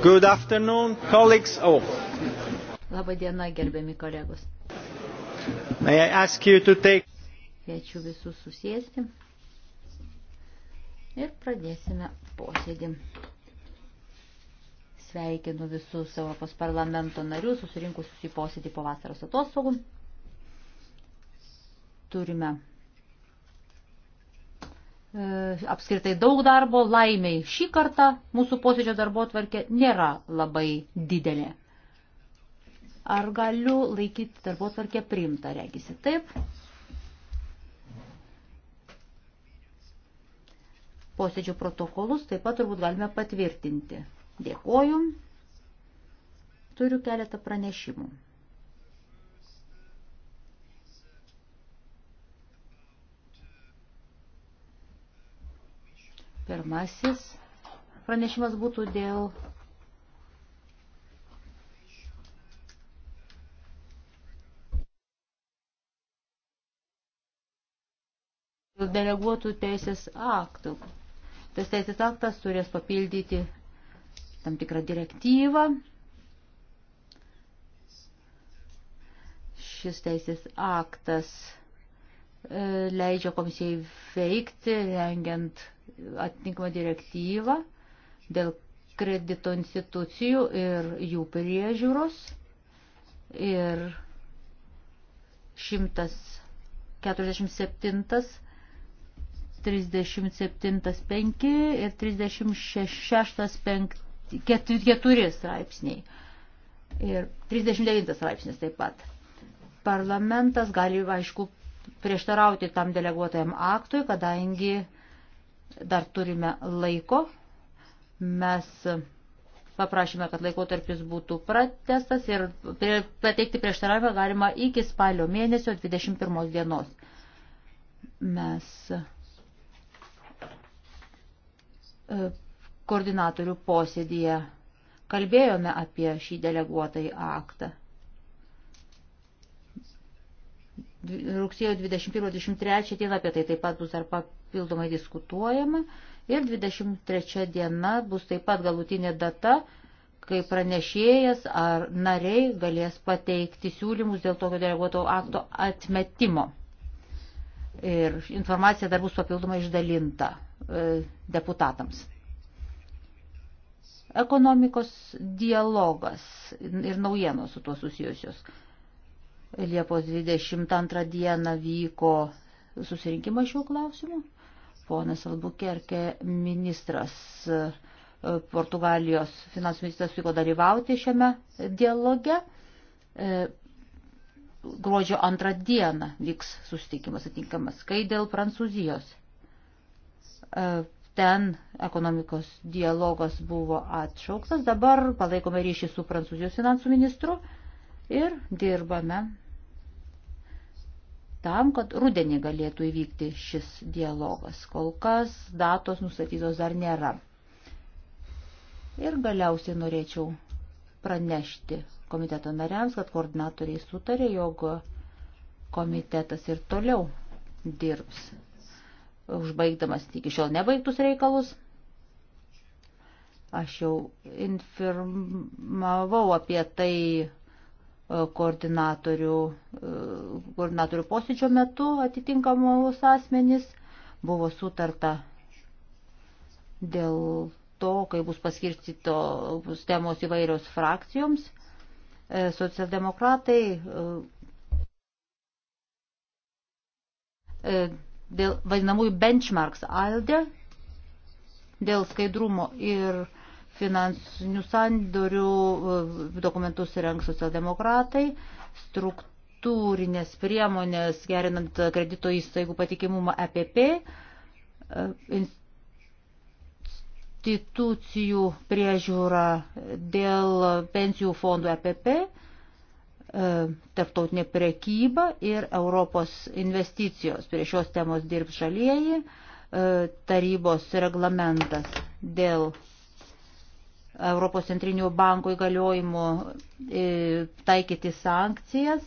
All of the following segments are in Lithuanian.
Good afternoon, colleagues. Oh. Labą dieną, gerbiami kolegos. May I ask you to take... Kviečiu visus susėsti ir pradėsime posėdį. Sveikinu visus Europos parlamento narius susirinkusius į posėdį po vasaros atostogų. Turime E, apskritai daug darbo, laimiai šį kartą mūsų posėdžio darbo tvarkė nėra labai didelė. Ar galiu laikyti darbo tvarkę priimtą, regisi taip? Posėdžio protokolus taip pat turbūt galime patvirtinti. Dėkoju. Turiu keletą pranešimų. Pirmasis pranešimas būtų dėl deleguotų teisės aktų. Tas teisės aktas turės papildyti tam tikrą direktyvą. Šis teisės aktas e, leidžia komisijai veikti, rengiant atitinkamą direktyvą dėl kredito institucijų ir jų priežiūros. Ir 147, 37.5 ir 36.4 straipsniai. Ir 39 straipsnis taip pat. Parlamentas gali, aišku, prieštarauti tam deleguotajam aktui, kadangi Dar turime laiko. Mes paprašėme, kad laikotarpis būtų pratestas ir pateikti prieštaravimą galima iki spalio mėnesio 21 dienos. Mes e, koordinatorių posėdėje kalbėjome apie šį deleguotąjį aktą. rugsėjo 21-23 diena apie tai taip pat bus dar papildomai diskutuojama ir 23 diena bus taip pat galutinė data, kai pranešėjas ar nariai galės pateikti siūlymus dėl tokio deleguoto akto atmetimo. Ir informacija dar bus papildomai išdalinta e, deputatams. Ekonomikos dialogas ir naujienos su tuo susijusios. Liepos 22 dieną vyko susirinkimas šiuo klausimu. Ponas Albukerke, ministras e, Portugalijos finansų ministras vyko dalyvauti šiame dialoge. E, gruodžio antrą dieną vyks susitikimas atinkamas, kai dėl Prancūzijos. E, ten ekonomikos dialogas buvo atšauktas, dabar palaikome ryšį su Prancūzijos finansų ministru ir dirbame tam, kad rudenį galėtų įvykti šis dialogas. Kol kas datos nustatytos dar nėra. Ir galiausiai norėčiau pranešti komiteto nariams, kad koordinatoriai sutarė, jog komitetas ir toliau dirbs, užbaigdamas iki šiol nebaigtus reikalus. Aš jau informavau apie tai E, koordinatorių, e, koordinatorių posėdžio metu atitinkamos asmenys. Buvo sutarta dėl to, kai bus paskirstytos temos įvairios frakcijoms. E, socialdemokratai dėl vadinamųjų benchmarks ALDE, dėl skaidrumo ir Finansinių sandorių e, dokumentus rengs socialdemokratai, struktūrinės priemonės gerinant kredito įstaigų patikimumą EPP, e, institucijų priežiūra dėl pensijų fondų EPP, e, tarptautinė prekyba ir Europos investicijos. Prie šios temos dirbs žalieji tarybos reglamentas dėl Europos centrinio banko įgaliojimų e, taikyti sankcijas.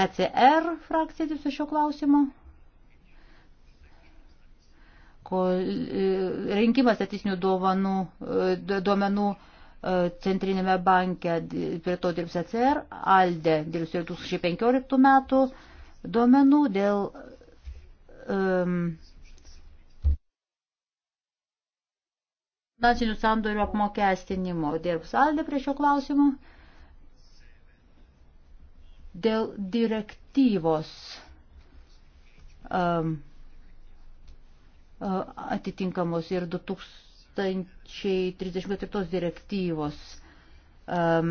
ECR frakcija dirbs šio klausimo. E, rinkimas statistinių e, duomenų, duomenų centrinėme banke prie to dirbs ECR, ALDE dirbs ir 2015 metų duomenų dėl um, finansinių sandorių apmokestinimo. Dirbs Aldė prie šio klausimo. Dėl direktyvos um, uh, atitinkamos ir 2034 direktyvos um,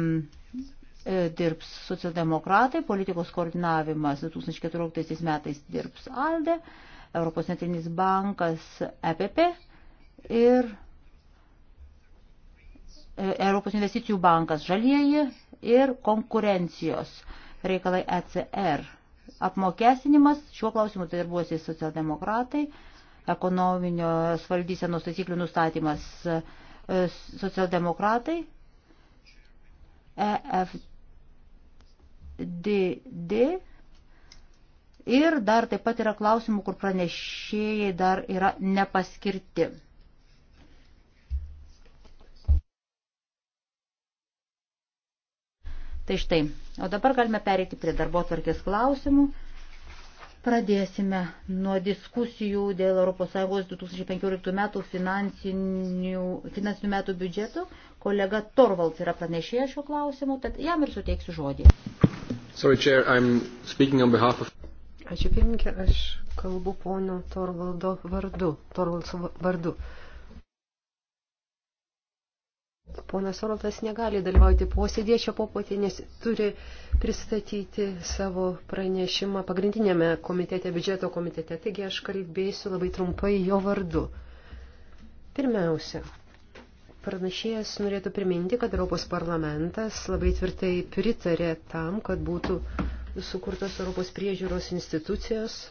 e, dirbs socialdemokratai, politikos koordinavimas 2014 metais dirbs ALDE, Europos centrinis bankas EPP ir E, Europos investicijų bankas žalieji ir konkurencijos reikalai ECR. Apmokestinimas, šiuo klausimu tai ir buvosi socialdemokratai, ekonominio valdysenos taisyklių nustatymas e, socialdemokratai, EFDD ir dar taip pat yra klausimų, kur pranešėjai dar yra nepaskirti. Tai štai, o dabar galime pereiti prie darbo tvarkės klausimų. Pradėsime nuo diskusijų dėl ES 2015 metų finansinių, finansinių metų biudžetų. Kolega Torvalds yra pranešėjęs šio klausimu, tad jam ir suteiksiu žodį. Sorry, chair, I'm speaking on behalf of... Ačiū pirmininkė, aš kalbu pono Torvaldo vardu. Torvalds vardu. Uh, Ponas Orlantas negali dalyvauti posėdėje čia popotė, nes turi pristatyti savo pranešimą pagrindinėme komitete, biudžeto komitete. Taigi aš kalbėsiu labai trumpai jo vardu. Pirmiausia, pranašėjas norėtų priminti, kad Europos parlamentas labai tvirtai pritarė tam, kad būtų sukurtos Europos priežiūros institucijos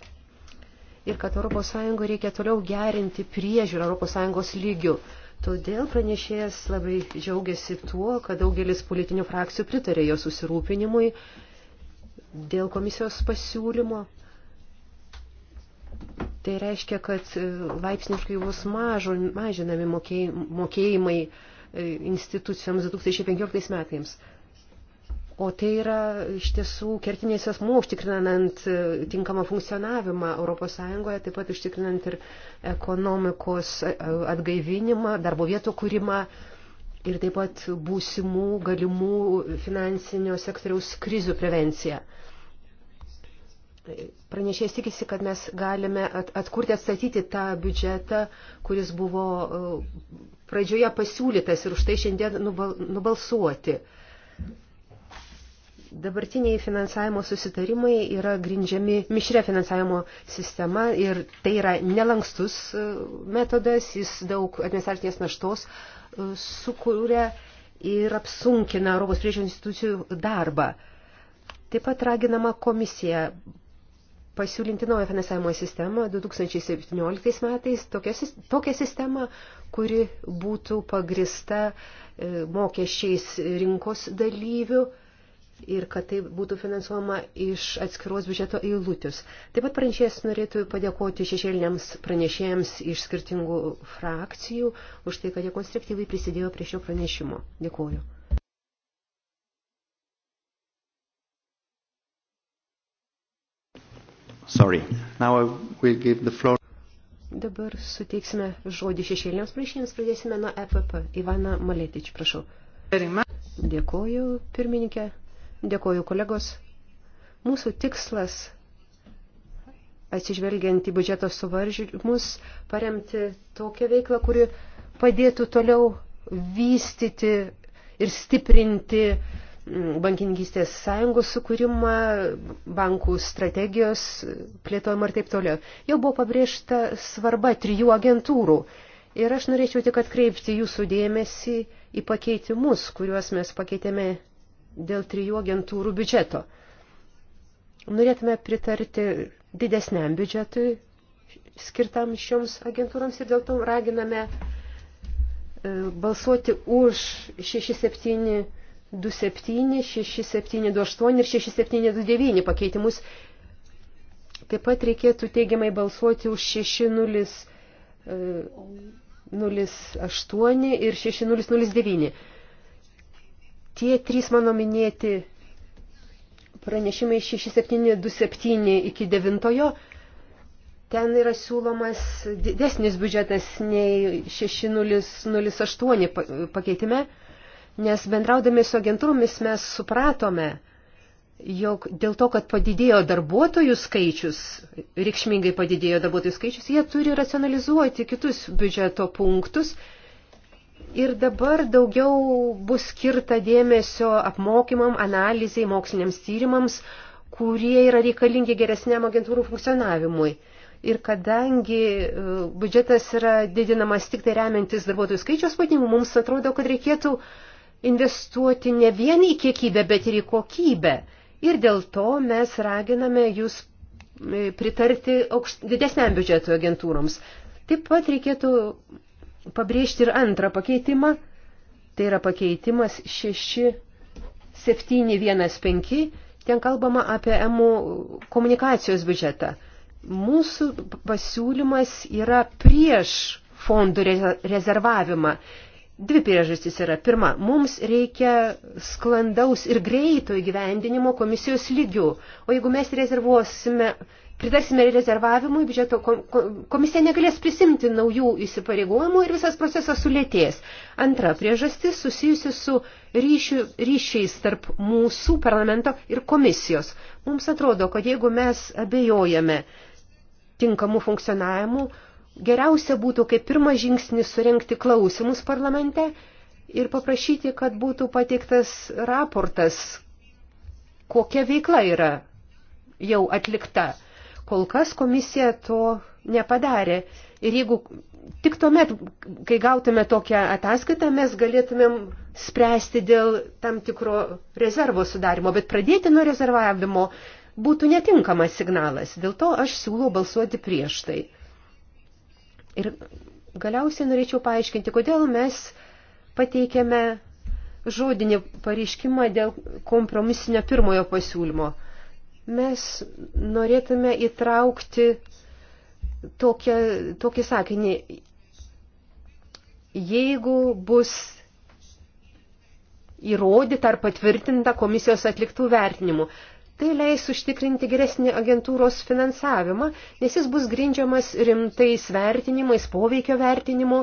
ir kad ES reikia toliau gerinti priežiūrą ES lygių Todėl pranešėjas labai džiaugiasi tuo, kad daugelis politinių frakcijų pritarė jo susirūpinimui dėl komisijos pasiūlymo. Tai reiškia, kad laipsniškai bus mažo, mažinami mokėjimai e, institucijoms 2015 metams. O tai yra iš tiesų kertinės asmuo užtikrinant e, tinkamą funkcionavimą ES, taip pat užtikrinant ir ekonomikos e, atgaivinimą, darbo vietų kūrimą ir taip pat būsimų galimų finansinio sektoriaus krizių prevenciją. Pranešėjas tikisi, kad mes galime atkurti, atstatyti tą biudžetą, kuris buvo e, pradžioje pasiūlytas ir už tai šiandien nubalsuoti. Dabartiniai finansavimo susitarimai yra grindžiami mišrė finansavimo sistema ir tai yra nelankstus e, metodas, jis daug administracinės naštos e, sukūrė ir apsunkina Europos priežiūrų institucijų darbą. Taip pat raginama komisija pasiūlinti naują finansavimo sistemą 2017 metais, tokią, tokią sistemą, kuri būtų pagrista e, mokesčiais rinkos dalyvių ir kad tai būtų finansuojama iš atskiros biudžeto eilutės. Taip pat pranešėjas norėtų padėkoti šešėliniams pranešėjams iš skirtingų frakcijų už tai, kad jie konstruktyviai prisidėjo prie šio pranešimo. Dėkuoju. Sorry. Now I will give the floor. Dabar suteiksime žodį šešėliniams pranešėjams, pradėsime nuo EPP. Ivana Maletič, prašau. Dėkuoju, pirmininkė. Dėkoju, kolegos. Mūsų tikslas, atsižvelgiant į biudžeto suvaržymus, paremti tokią veiklą, kuri padėtų toliau vystyti ir stiprinti mm, bankininkystės sąjungos sukūrimą, bankų strategijos plėtojimą ir taip toliau. Jau buvo pabrėžta svarba trijų agentūrų. Ir aš norėčiau tik atkreipti jūsų dėmesį į pakeitimus, kuriuos mes pakeitėme dėl trijų agentūrų biudžeto. Norėtume pritarti didesniam biudžetui skirtam šioms agentūrams ir dėl to raginame e, balsuoti už 6727, 6728 ir 6729 pakeitimus. Taip pat reikėtų teigiamai balsuoti už 6008 e, ir 6009. Tie trys mano minėti pranešimai 6727 iki 9 ten yra siūlomas didesnis biudžetas nei 6008 pakeitime, nes bendraudami su agentūromis mes supratome, jog dėl to, kad padidėjo darbuotojų skaičius, reikšmingai padidėjo darbuotojų skaičius, jie turi racionalizuoti kitus biudžeto punktus Ir dabar daugiau bus skirta dėmesio apmokymam, analizai, moksliniams tyrimams, kurie yra reikalingi geresniam agentūrų funkcionavimui. Ir kadangi e, biudžetas yra didinamas tik tai remiantis darbuotojų skaičiaus padinimu, mums atrodo, kad reikėtų investuoti ne vien į kiekybę, bet ir į kokybę. Ir dėl to mes raginame jūs e, pritarti aukšt, didesniam biudžeto agentūroms. Taip pat reikėtų pabrėžti ir antrą pakeitimą. Tai yra pakeitimas 6715. Ten kalbama apie EMU komunikacijos biudžetą. Mūsų pasiūlymas yra prieš fondų rezervavimą. Dvi priežastys yra. Pirma, mums reikia sklandaus ir greito įgyvendinimo komisijos lygių. O jeigu mes rezervuosime pritarsime rezervavimui, biudžeto komisija negalės prisimti naujų įsipareigojimų ir visas procesas sulėtės. Antra priežastis susijusi su ryšių, ryšiais tarp mūsų parlamento ir komisijos. Mums atrodo, kad jeigu mes abejojame tinkamų funkcionavimų, geriausia būtų kaip pirmas žingsnis surenkti klausimus parlamente ir paprašyti, kad būtų pateiktas raportas, kokia veikla yra jau atlikta Kol kas komisija to nepadarė. Ir jeigu tik tuomet, kai gautume tokią ataskaitą, mes galėtumėm spręsti dėl tam tikro rezervo sudarimo, bet pradėti nuo rezervavimo būtų netinkamas signalas. Dėl to aš siūlau balsuoti prieš tai. Ir galiausiai norėčiau paaiškinti, kodėl mes pateikėme žodinį pareiškimą dėl kompromisinio pirmojo pasiūlymo. Mes norėtume įtraukti tokią, tokį sakinį. Jeigu bus įrodyta ar patvirtinta komisijos atliktų vertinimų, tai leis užtikrinti geresnį agentūros finansavimą, nes jis bus grindžiamas rimtais vertinimais, poveikio vertinimu.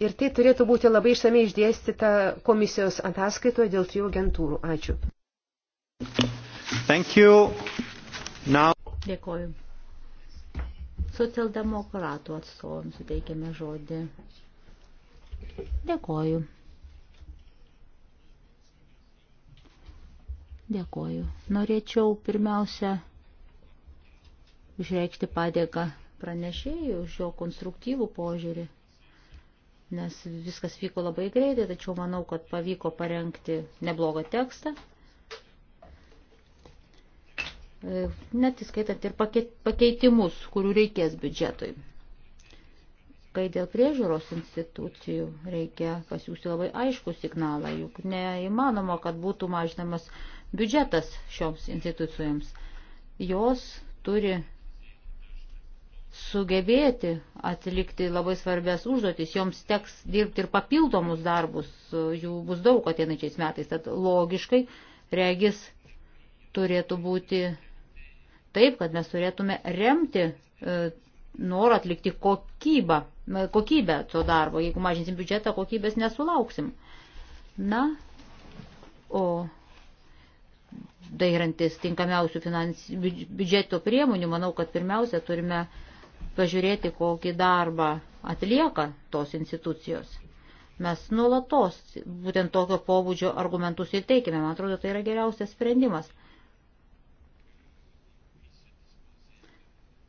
Ir tai turėtų būti labai išsamei išdėstyta komisijos ataskaitoje dėl trijų agentūrų. Ačiū. Thank you. Now... Dėkoju. Socialdemokratų atstovams suteikėme žodį. Dėkoju. Dėkoju. Norėčiau pirmiausia išreikšti padėką pranešėjų už jo konstruktyvų požiūrį, nes viskas vyko labai greitai, tačiau manau, kad pavyko parengti neblogą tekstą, E, net įskaitant ir pakeitimus, kurių reikės biudžetui. Kai dėl priežiūros institucijų reikia pasiūsti labai aišku signalą, juk neįmanoma, kad būtų mažinamas biudžetas šioms institucijoms. Jos turi sugebėti atlikti labai svarbias užduotis, joms teks dirbti ir papildomus darbus, jų bus daug ateinančiais metais, tad logiškai regis turėtų būti taip, kad mes turėtume remti e, norą atlikti kokybą, e, kokybę to darbo. Jeigu mažinsim biudžetą, kokybės nesulauksim. Na, o dairantis tinkamiausių finansi, biudžeto priemonių, manau, kad pirmiausia turime pažiūrėti, kokį darbą atlieka tos institucijos. Mes nuolatos būtent tokio pobūdžio argumentus ir teikime. Man atrodo, tai yra geriausias sprendimas.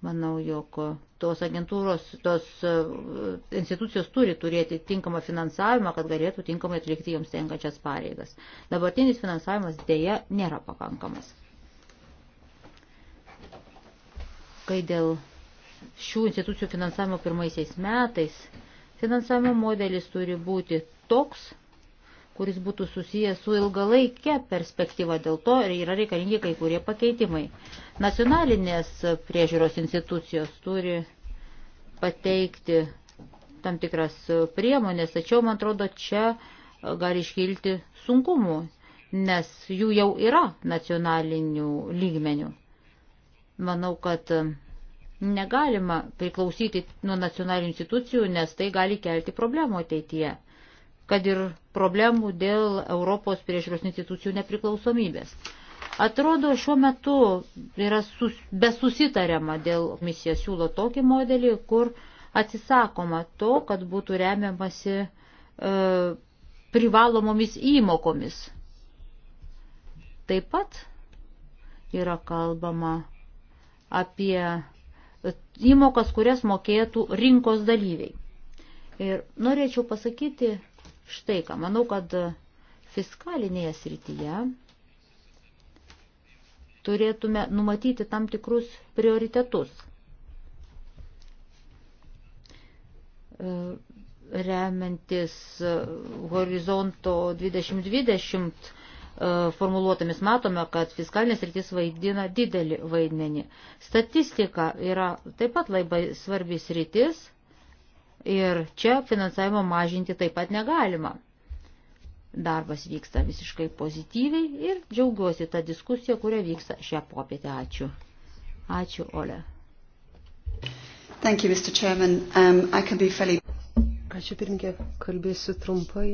Manau, jog tos agentūros, tos e, institucijos turi turėti tinkamą finansavimą, kad galėtų tinkamai atlikti joms tenkačias pareigas. Dabartinis finansavimas dėja nėra pakankamas. Kai dėl šių institucijų finansavimo pirmaisiais metais finansavimo modelis turi būti toks, kuris būtų susijęs su ilgalaikė perspektyva, dėl to yra reikalingi kai kurie pakeitimai. Nacionalinės priežiūros institucijos turi pateikti tam tikras priemonės, tačiau, man atrodo, čia gali iškilti sunkumų, nes jų jau yra nacionalinių lygmenių. Manau, kad negalima priklausyti nuo nacionalinių institucijų, nes tai gali kelti problemų ateityje kad ir problemų dėl Europos priežiūros institucijų nepriklausomybės. Atrodo, šiuo metu yra sus, besusitariama dėl misija siūlo tokį modelį, kur atsisakoma to, kad būtų remiamasi e, privalomomis įmokomis. Taip pat yra kalbama apie įmokas, kurias mokėtų rinkos dalyviai. Ir norėčiau pasakyti, štai ką. Manau, kad fiskalinėje srityje turėtume numatyti tam tikrus prioritetus. E, remiantis e, horizonto 2020 e, formuluotėmis matome, kad fiskalinės rytis vaidina didelį vaidmenį. Statistika yra taip pat labai svarbis rytis Ir čia finansavimo mažinti taip pat negalima. Darbas vyksta visiškai pozityviai ir džiaugiuosi tą diskusiją, kurią vyksta šią popietę. Ačiū. Ačiū, Ole. Thank you, Mr. Chairman. Um, I can be fairly... Ačiū pirmininkė, kalbėsiu trumpai.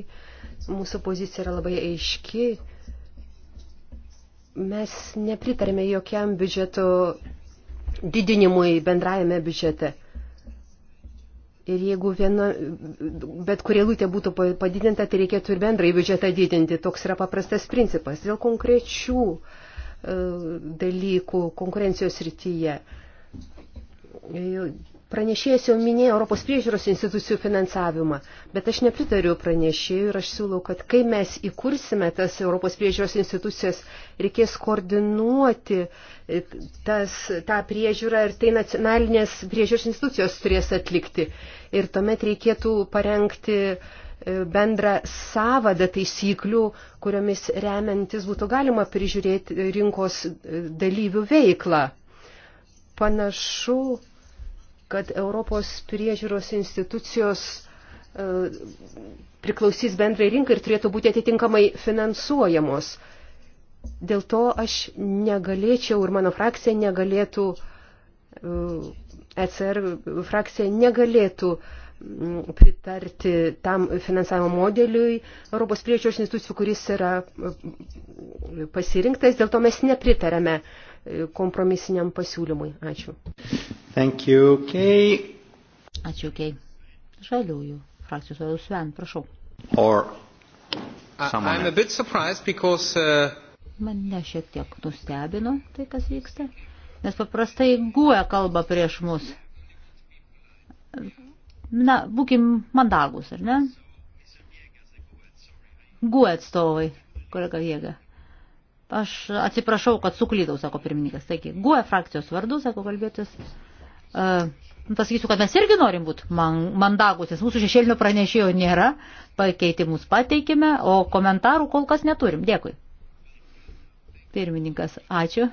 Mūsų pozicija yra labai aiški. Mes nepritarėme jokiam biudžeto didinimui bendrajame biudžete. Ir jeigu viena, bet kurie lūtė būtų padidinta, tai reikėtų ir bendrai biudžetą didinti. Toks yra paprastas principas. Dėl konkrečių e, dalykų konkurencijos rytyje e, Pranešėjas jau minėjo Europos priežiūros institucijų finansavimą, bet aš nepritariu pranešėjui ir aš siūlau, kad kai mes įkursime tas Europos priežiūros institucijas, reikės koordinuoti e, tas, tą priežiūrą ir tai nacionalinės priežiūros institucijos turės atlikti. Ir tuomet reikėtų parengti e, bendrą savadą taisyklių, kuriomis remiantis būtų galima prižiūrėti rinkos e, dalyvių veiklą. Panašu, kad Europos priežiūros institucijos e, priklausys bendrai rinkai ir turėtų būti atitinkamai finansuojamos. Dėl to aš negalėčiau ir mano frakcija negalėtų, ECR e frakcija negalėtų pritarti tam finansavimo modeliui Europos priežiūros institucijų, kuris yra pasirinktas, dėl to mes nepritarėme uh, kompromisiniam pasiūlymui. Ačiū. Thank you, Kay. Ačiū, Kay. Žaliųjų frakcijos vadovas Sven, prašau. Or someone. I'm a bit surprised because. Uh... Mane šiek tiek nustebino tai, kas vyksta, nes paprastai guoja e kalba prieš mus. Na, būkim mandagus, ar ne? Guoja e atstovai, kolega Jėga. Aš atsiprašau, kad suklydau, sako pirmininkas. Taigi, GUE frakcijos vardu, sako kalbėtis. Uh, pasakysiu, kad mes irgi norim būti man, mandagus, nes mūsų šešėlinio pranešėjo nėra, pakeitimus pateikime, o komentarų kol kas neturim. Dėkui. Pirmininkas, ačiū.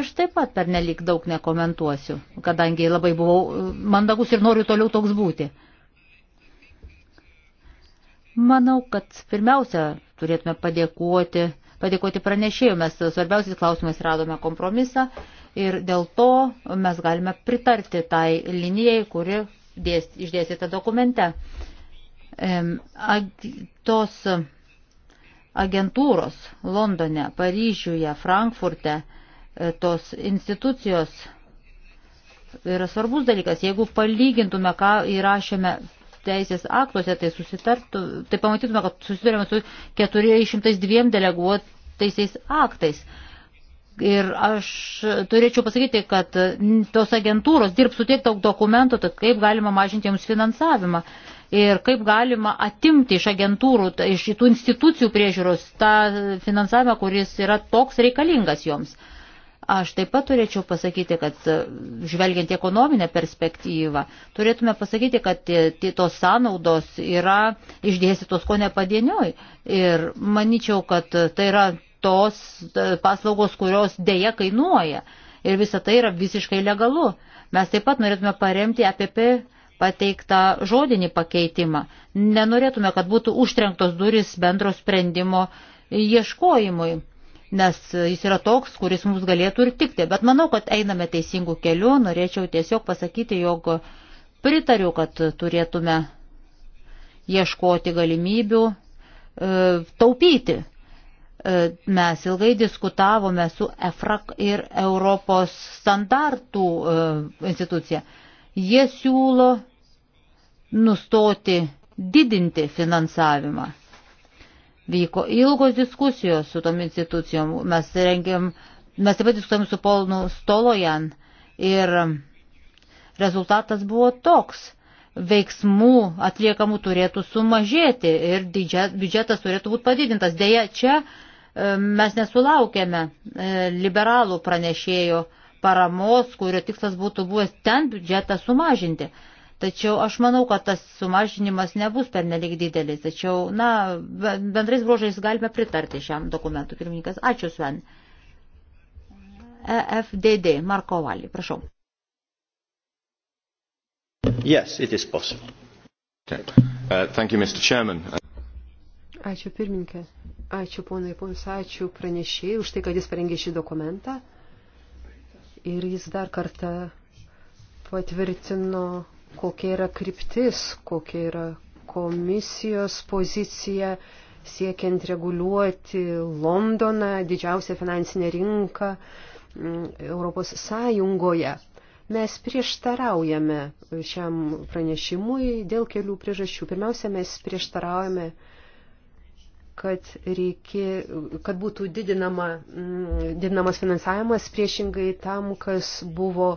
Aš taip pat per nelik daug nekomentuosiu, kadangi labai buvau e, mandagus ir noriu toliau toks būti. Manau, kad pirmiausia turėtume padėkoti padėkoti pranešėjų. Mes svarbiausiais klausimais radome kompromisą ir dėl to mes galime pritarti tai linijai, kuri dės, išdėstyta dokumente. Tos agentūros Londone, Paryžiuje, Frankfurte, e, tos institucijos yra svarbus dalykas. Jeigu palygintume, ką įrašėme teisės aktuose, tai, susitartų, tai pamatytume, kad susidurėme su 402 deleguotaisiais aktais. Ir aš turėčiau pasakyti, kad tos agentūros dirbs su tiek daug dokumentų, tad kaip galima mažinti jums finansavimą ir kaip galima atimti iš agentūrų, iš tų institucijų priežiūros tą finansavimą, kuris yra toks reikalingas joms. Aš taip pat turėčiau pasakyti, kad e, žvelgiant į ekonominę perspektyvą, turėtume pasakyti, kad tos sąnaudos yra išdėstytos ko nepadienioj. Ir manyčiau, kad tai yra tos e, paslaugos, kurios dėja kainuoja. Ir visa tai yra visiškai legalu. Mes taip pat norėtume paremti APP pateiktą žodinį pakeitimą. Nenorėtume, kad būtų užtrenktos duris bendro sprendimo ieškojimui nes jis yra toks, kuris mums galėtų ir tikti. Bet manau, kad einame teisingų kelių. Norėčiau tiesiog pasakyti, jog pritariu, kad turėtume ieškoti galimybių e, taupyti. E, mes ilgai diskutavome su EFRAK ir Europos standartų e, institucija. Jie siūlo nustoti didinti finansavimą Vyko ilgos diskusijos su tom institucijom. Mes rengėm, mes taip pat diskutavome su Polnu Stolojan ir rezultatas buvo toks. Veiksmų atliekamų turėtų sumažėti ir didžia, biudžetas turėtų būti padidintas. Deja, čia e, mes nesulaukėme e, liberalų pranešėjo paramos, kurio tikslas būtų buvęs ten biudžetą sumažinti. Tačiau aš manau, kad tas sumažinimas nebus pernelik didelis. Tačiau, na, bendrais bruožais galime pritarti šiam dokumentu. Pirmininkas, ačiū Sven. EFDD, Marko Valį, prašau. Yes, it is possible. Okay. Uh, thank you, Mr. Chairman. Uh, ačiū pirmininkė. Ačiū ponai ir ponus, ačiū pranešėjai už tai, kad jis parengė šį dokumentą. Ir jis dar kartą patvirtino kokia yra kryptis, kokia yra komisijos pozicija siekiant reguliuoti Londoną, didžiausią finansinę rinką mm, Europos Sąjungoje. Mes prieštaraujame šiam pranešimui dėl kelių priežasčių. Pirmiausia, mes prieštaraujame kad, reikė, kad būtų didinama, mm, didinamas finansavimas priešingai tam, kas buvo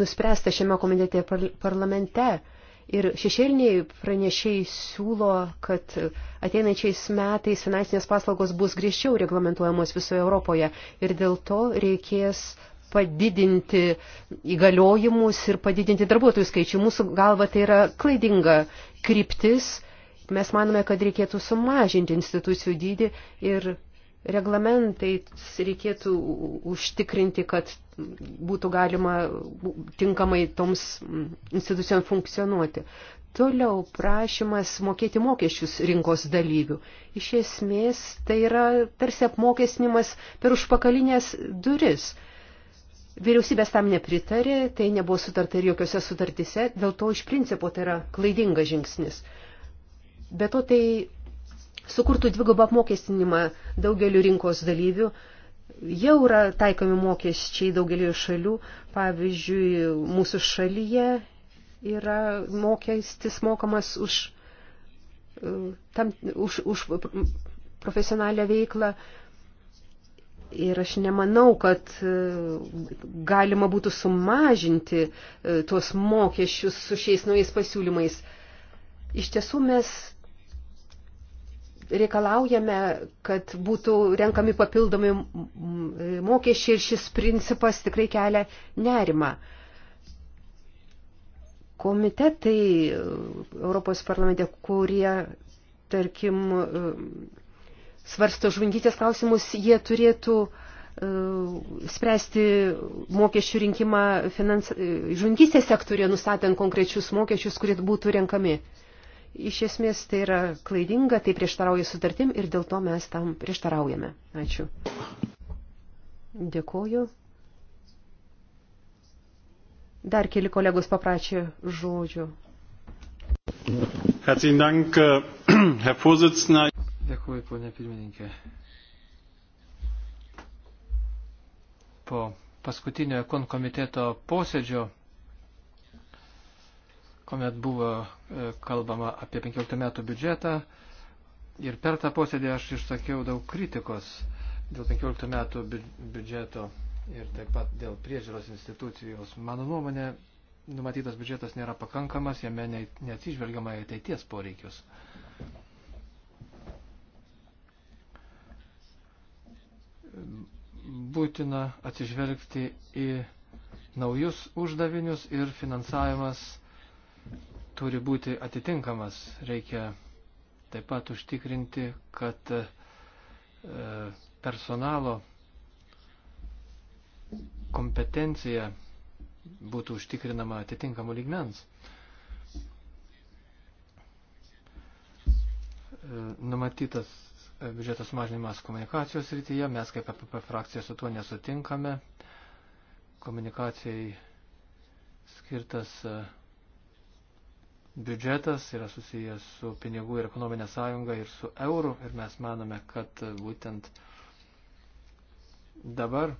nuspręsta šiame komitete parlamente. Ir šešėliniai pranešiai siūlo, kad ateinančiais metais finansinės paslaugos bus griežčiau reglamentuojamos visoje Europoje ir dėl to reikės padidinti įgaliojimus ir padidinti darbuotojų skaičių. Mūsų galva tai yra klaidinga kryptis Mes manome, kad reikėtų sumažinti institucijų dydį ir reglamentai reikėtų užtikrinti, kad būtų galima tinkamai toms institucijom funkcionuoti. Toliau prašymas mokėti mokesčius rinkos dalyvių. Iš esmės tai yra tarsi apmokesnimas per užpakalinės duris. Vyriausybės tam nepritarė, tai nebuvo sutarta ir jokiose sutartise, dėl to iš principo tai yra klaidingas žingsnis. Be to tai sukurtų dvigubą apmokestinimą daugeliu rinkos dalyvių. Jau yra taikomi mokesčiai daugeliu šalių. Pavyzdžiui, mūsų šalyje yra mokestis mokamas už, e, tam, už, už profesionalią veiklą. Ir aš nemanau, kad e, galima būtų sumažinti e, tuos mokesčius su šiais naujais pasiūlymais. Iš tiesų mes reikalaujame, kad būtų renkami papildomi mokesčiai ir šis principas tikrai kelia nerimą. Komitetai Europos parlamente, kurie, tarkim, svarsto žvingytės klausimus, jie turėtų e, spręsti mokesčių rinkimą finans... žungystės sektorė, nustatant konkrečius mokesčius, kurie būtų renkami. Iš esmės tai yra klaidinga, tai prieštarauja sutartim ir dėl to mes tam prieštaraujame. Ačiū. Dėkuoju. Dar keli kolegos paprašė žodžio. Herzlichen Dank, äh, Herr Vorsitzender. Dėkuoju, ponė pirmininkė. Po paskutinio konkomiteto posėdžio kuomet buvo e, kalbama apie 15 metų biudžetą. Ir per tą posėdį aš išsakiau daug kritikos dėl 15 metų biudžeto ir taip pat dėl priežiūros institucijos. Mano nuomonė, numatytas biudžetas nėra pakankamas, jame neatsižvelgiama į ateities poreikius. Būtina atsižvelgti į naujus uždavinius ir finansavimas turi būti atitinkamas. Reikia taip pat užtikrinti, kad e, personalo kompetencija būtų užtikrinama atitinkamų lygmens. E, numatytas biudžetas mažinimas komunikacijos rytyje, mes kaip APP frakcija su tuo nesutinkame. Komunikacijai skirtas uh, biudžetas yra susijęs su pinigų ir ekonominė sąjunga ir su eurų ir mes manome, kad būtent dabar,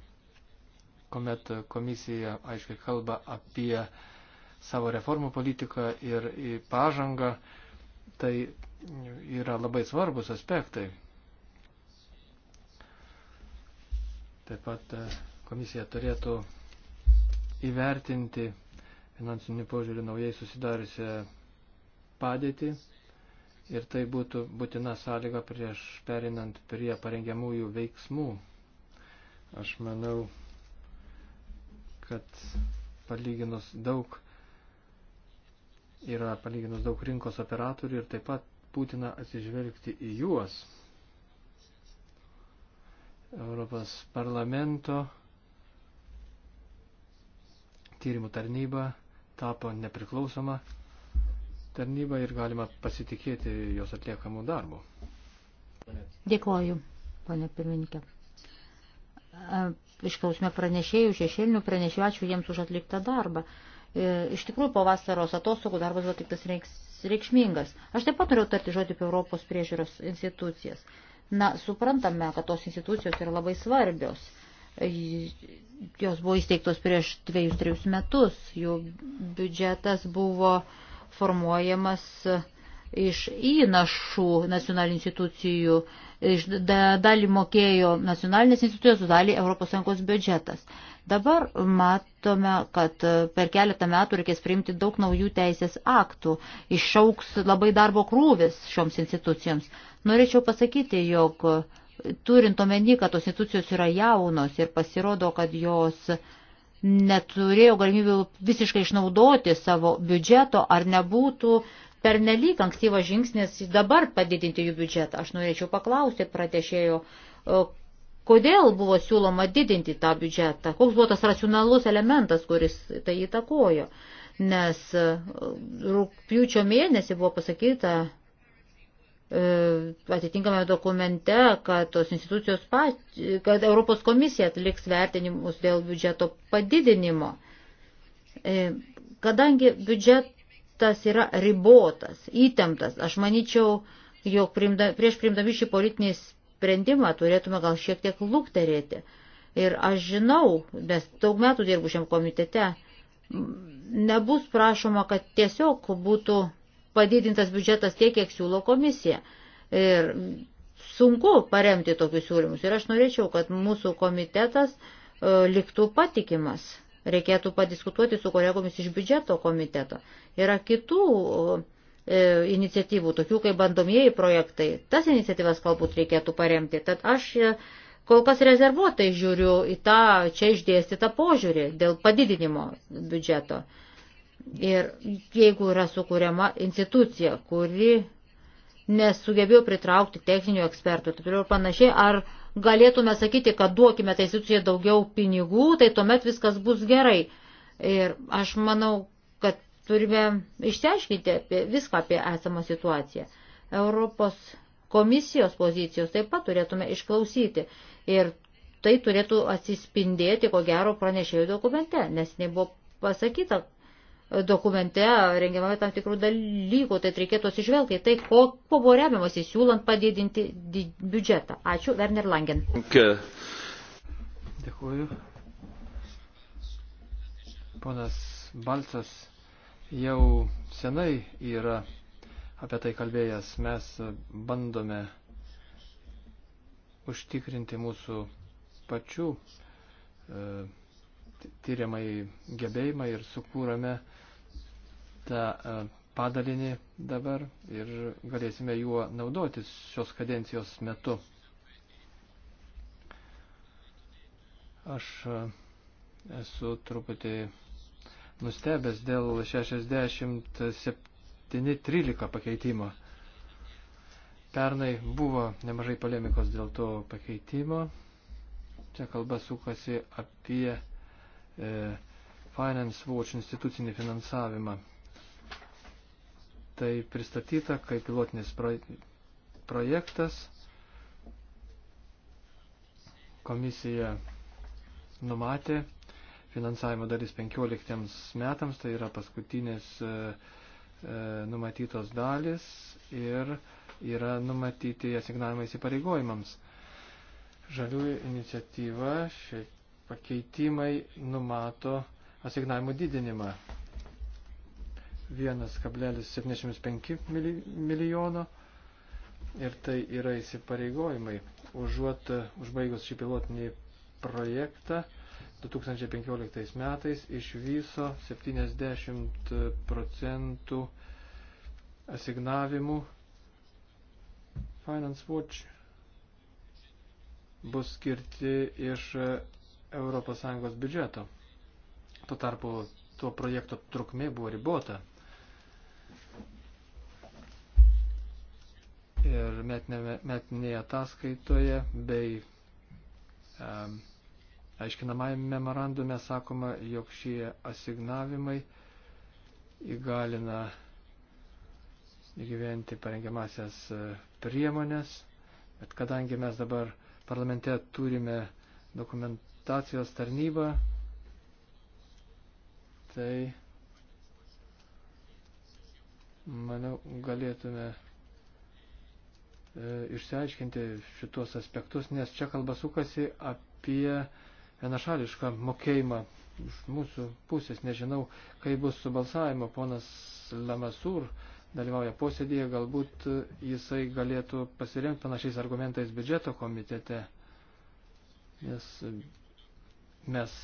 kuomet komisija aiškiai kalba apie savo reformų politiką ir pažangą, tai yra labai svarbus aspektai. Taip pat e, komisija turėtų įvertinti finansinių požiūrių naujai susidariusią padėtį ir tai būtų būtina sąlyga prieš perinant prie parengiamųjų veiksmų. Aš manau, kad palyginus daug yra palyginus daug rinkos operatorių ir taip pat būtina atsižvelgti į juos. Europos parlamento tyrimų tarnyba tapo nepriklausoma tarnybą ir galima pasitikėti jos atliekamų darbų. Dėkuoju, ponė pirmininkė. Išklausime pranešėjų, šešėlinių pranešėjų, ačiū jiems už atliktą darbą. E, iš tikrųjų, po vasaros atostogų darbas buvo tiktas reikšmingas. Aš taip pat norėjau tarti žodį apie Europos priežiūros institucijas. Na, suprantame, kad tos institucijos yra labai svarbios e, jos buvo įsteigtos prieš dviejus, trejus metus, jų biudžetas buvo formuojamas e, iš įnašų nacionalinių institucijų, iš dalį mokėjo nacionalinės institucijos, dalį ES biudžetas. Dabar matome, kad e, per keletą metų reikės priimti daug naujų teisės aktų, išauks labai darbo krūvis šioms institucijoms. Norėčiau pasakyti, jog turint omeny, kad tos institucijos yra jaunos ir pasirodo, kad jos uh, neturėjo galimybių visiškai išnaudoti savo biudžeto, ar nebūtų pernelyg ankstyvas žingsnis dabar padidinti jų biudžetą. Aš norėčiau paklausti pratešėjo, e, kodėl buvo siūloma didinti tą biudžetą, koks buvo tas racionalus elementas, kuris tai įtakojo. Nes e, rūpjūčio mėnesį buvo pasakyta E, atitinkame dokumente, kad tos institucijos pat, kad Europos komisija atliks vertinimus dėl biudžeto padidinimo. E, kadangi biudžetas yra ribotas, įtemptas, aš manyčiau, jog primda, prieš primdami šį politinį sprendimą turėtume gal šiek tiek lukterėti. Ir aš žinau, nes daug metų dirbu šiam komitete, nebus prašoma, kad tiesiog būtų padidintas biudžetas tiek, kiek siūlo komisija. Ir sunku paremti tokius siūlymus. Ir aš norėčiau, kad mūsų komitetas e, liktų patikimas. Reikėtų padiskutuoti su kolegomis iš biudžeto komiteto. Yra kitų e, iniciatyvų, tokių kaip bandomieji projektai. Tas iniciatyvas galbūt reikėtų paremti. Tad aš e, kol kas rezervuotai žiūriu į tą čia išdėstytą požiūrį dėl padidinimo biudžeto. Uh, Ir jeigu yra sukūriama institucija, kuri nesugebėjo pritraukti techninių ekspertų taip ir panašiai, ar galėtume sakyti, kad duokime tai institucijai daugiau pinigų, tai tuomet viskas bus gerai. Ir aš manau, kad turime išsiaiškinti apie, viską apie esamą situaciją. Europos komisijos pozicijos taip pat turėtume išklausyti. Ir tai turėtų atsispindėti, ko gero, pranešėjų dokumente, nes nebuvo pasakyta, dokumente rengiamame tam tikrų dalykų, tai reikėtų atsižvelgti tai, ko, ko buvo remiamas įsiūlant padidinti biudžetą. Ačiū, Werner Langen. Okay. Dėkuoju. Ponas Balcas jau senai yra apie tai kalbėjęs. Mes bandome užtikrinti mūsų pačių e, tyriamai gebėjimą ir sukūrame e, tą e, padalinį dabar ir galėsime juo naudotis šios kadencijos metu. Aš e, esu truputį nustebęs dėl 67.13 pakeitimo. Pernai buvo nemažai polemikos dėl to pakeitimo. Čia kalba sukasi apie e, Finance Watch institucinį finansavimą tai pristatyta kaip pilotinis projektas. Komisija numatė finansavimo dalis 15 metams, tai yra paskutinės e, e, numatytos dalis ir yra numatyti asignavimai įsipareigojimams. Žaliųjų iniciatyva šie pakeitimai numato asignavimų didinimą 1,75 milijono ir tai yra įsipareigojimai. Užuot užbaigus šį pilotinį projektą 2015 metais iš viso 70 procentų asignavimų Finance Watch bus skirti iš ES biudžeto. Tuo tarpu tuo projekto trukmė buvo ribota metinėje ataskaitoje bei e, aiškinamajame memorandume sakoma, jog šie asignavimai įgalina įgyventi parengiamasias e, priemonės, bet kadangi mes dabar parlamente turime dokumentacijos tarnybą, tai manau galėtume E, išsiaiškinti šitos aspektus, nes čia kalba sukasi apie vienašališką mokėjimą iš mūsų pusės. Nežinau, kai bus su balsavimo ponas Lamasur dalyvauja posėdėje, galbūt jisai galėtų pasiremti panašiais argumentais biudžeto komitete, nes mes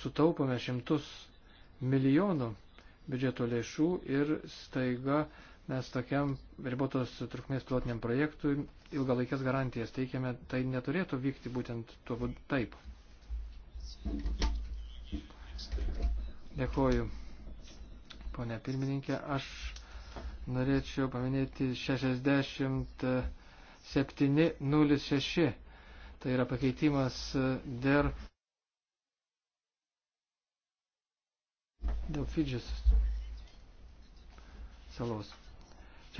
sutaupome šimtus milijonų biudžeto lėšų ir staiga uh, nes tokiam ribotos trukmės pilotiniam projektui ilgalaikės garantijas teikiame, tai neturėtų vykti būtent tuo būdu taip. Dėkuoju, ponė pirmininkė. Aš norėčiau paminėti 6706. Tai yra pakeitimas dėl. Dėl Fidžis salos.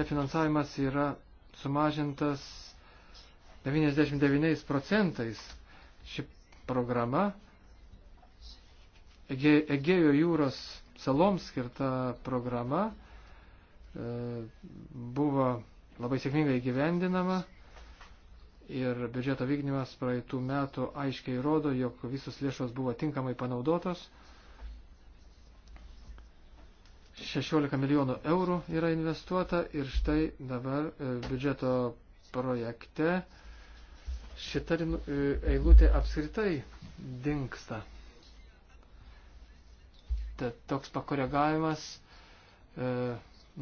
Čia finansavimas yra sumažintas 99 procentais. Ši programa Egėjo jūros saloms skirta programa e, buvo labai sėkmingai gyvendinama ir biudžeto vykdymas praeitų metų aiškiai rodo, jog visos lėšos buvo tinkamai panaudotos. 16 milijonų eurų yra investuota ir štai dabar e, biudžeto projekte šita e, eilutė apskritai dinksta. Tad toks pakoregavimas e,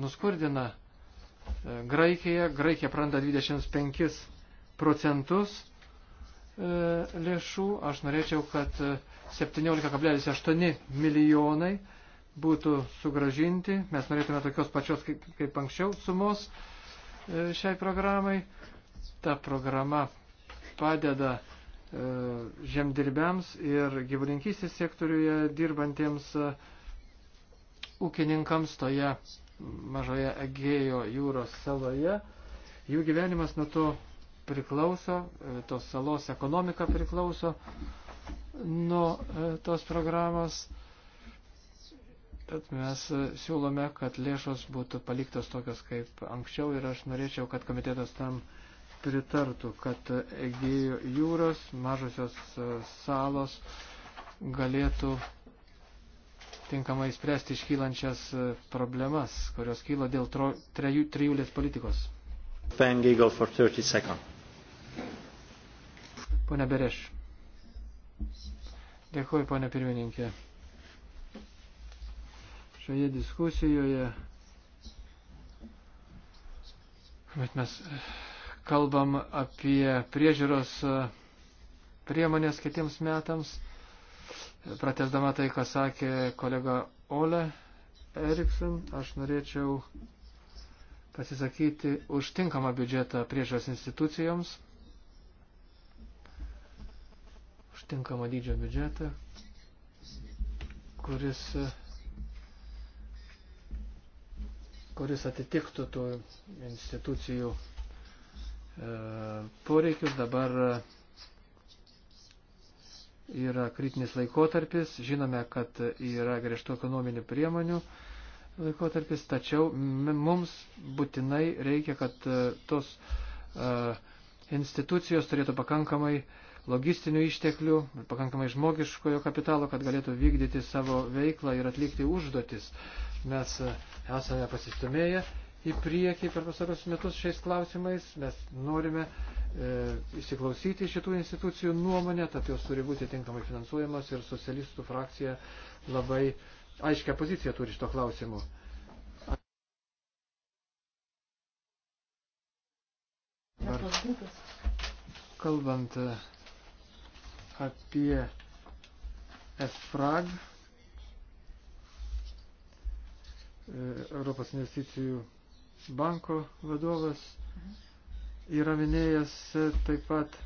nuskurdina e, Graikiją. Graikija pranda 25 procentus e, lėšų. Aš norėčiau, kad 17,8 milijonai e, būtų sugražinti. Mes norėtume tokios pačios kaip, kaip anksčiau sumos e, šiai programai. Ta programa padeda e, žemdirbiams ir gyvulinkystės sektoriuje dirbantiems e, ūkininkams toje mažoje Egėjo jūros saloje. Jų gyvenimas nuo to priklauso, tos salos ekonomika priklauso nuo tos programos. Tad mes e, siūlome, kad lėšos būtų paliktos tokios kaip anksčiau ir aš norėčiau, kad komitetas tam pritartų, kad Egėjo jūros, mažosios e, salos galėtų tinkamai spręsti iškylančias e, problemas, kurios kyla dėl tro, trejų, trijulės politikos. Pone Bereš. Dėkuoju, pone pirmininkė šioje diskusijoje. Bet mes e, kalbam apie priežiūros e, priemonės kitiems metams. Pratesdama tai, ką sakė kolega Ole Erikson, aš norėčiau pasisakyti už tinkamą biudžetą priežiūros institucijoms, už tinkamą dydžio biudžetą, kuris e, kuris atitiktų tų institucijų e, poreikius. Dabar yra kritinis laikotarpis, žinome, kad yra griežtų ekonominių priemonių laikotarpis, tačiau mums būtinai reikia, kad e, tos e, institucijos turėtų pakankamai logistinių išteklių, pakankamai žmogiškojo kapitalo, kad galėtų vykdyti savo veiklą ir atlikti užduotis. Mes uh, esame pasistumėję į priekį per pasaros metus šiais klausimais. Mes norime e, įsiklausyti šitų institucijų nuomonę, tad jos turi būti tinkamai finansuojamos ir socialistų frakcija labai aiškia pozicija turi šito klausimu. Dar kalbant e, apie EFRAG Europos investicijų banko vadovas yra minėjęs taip pat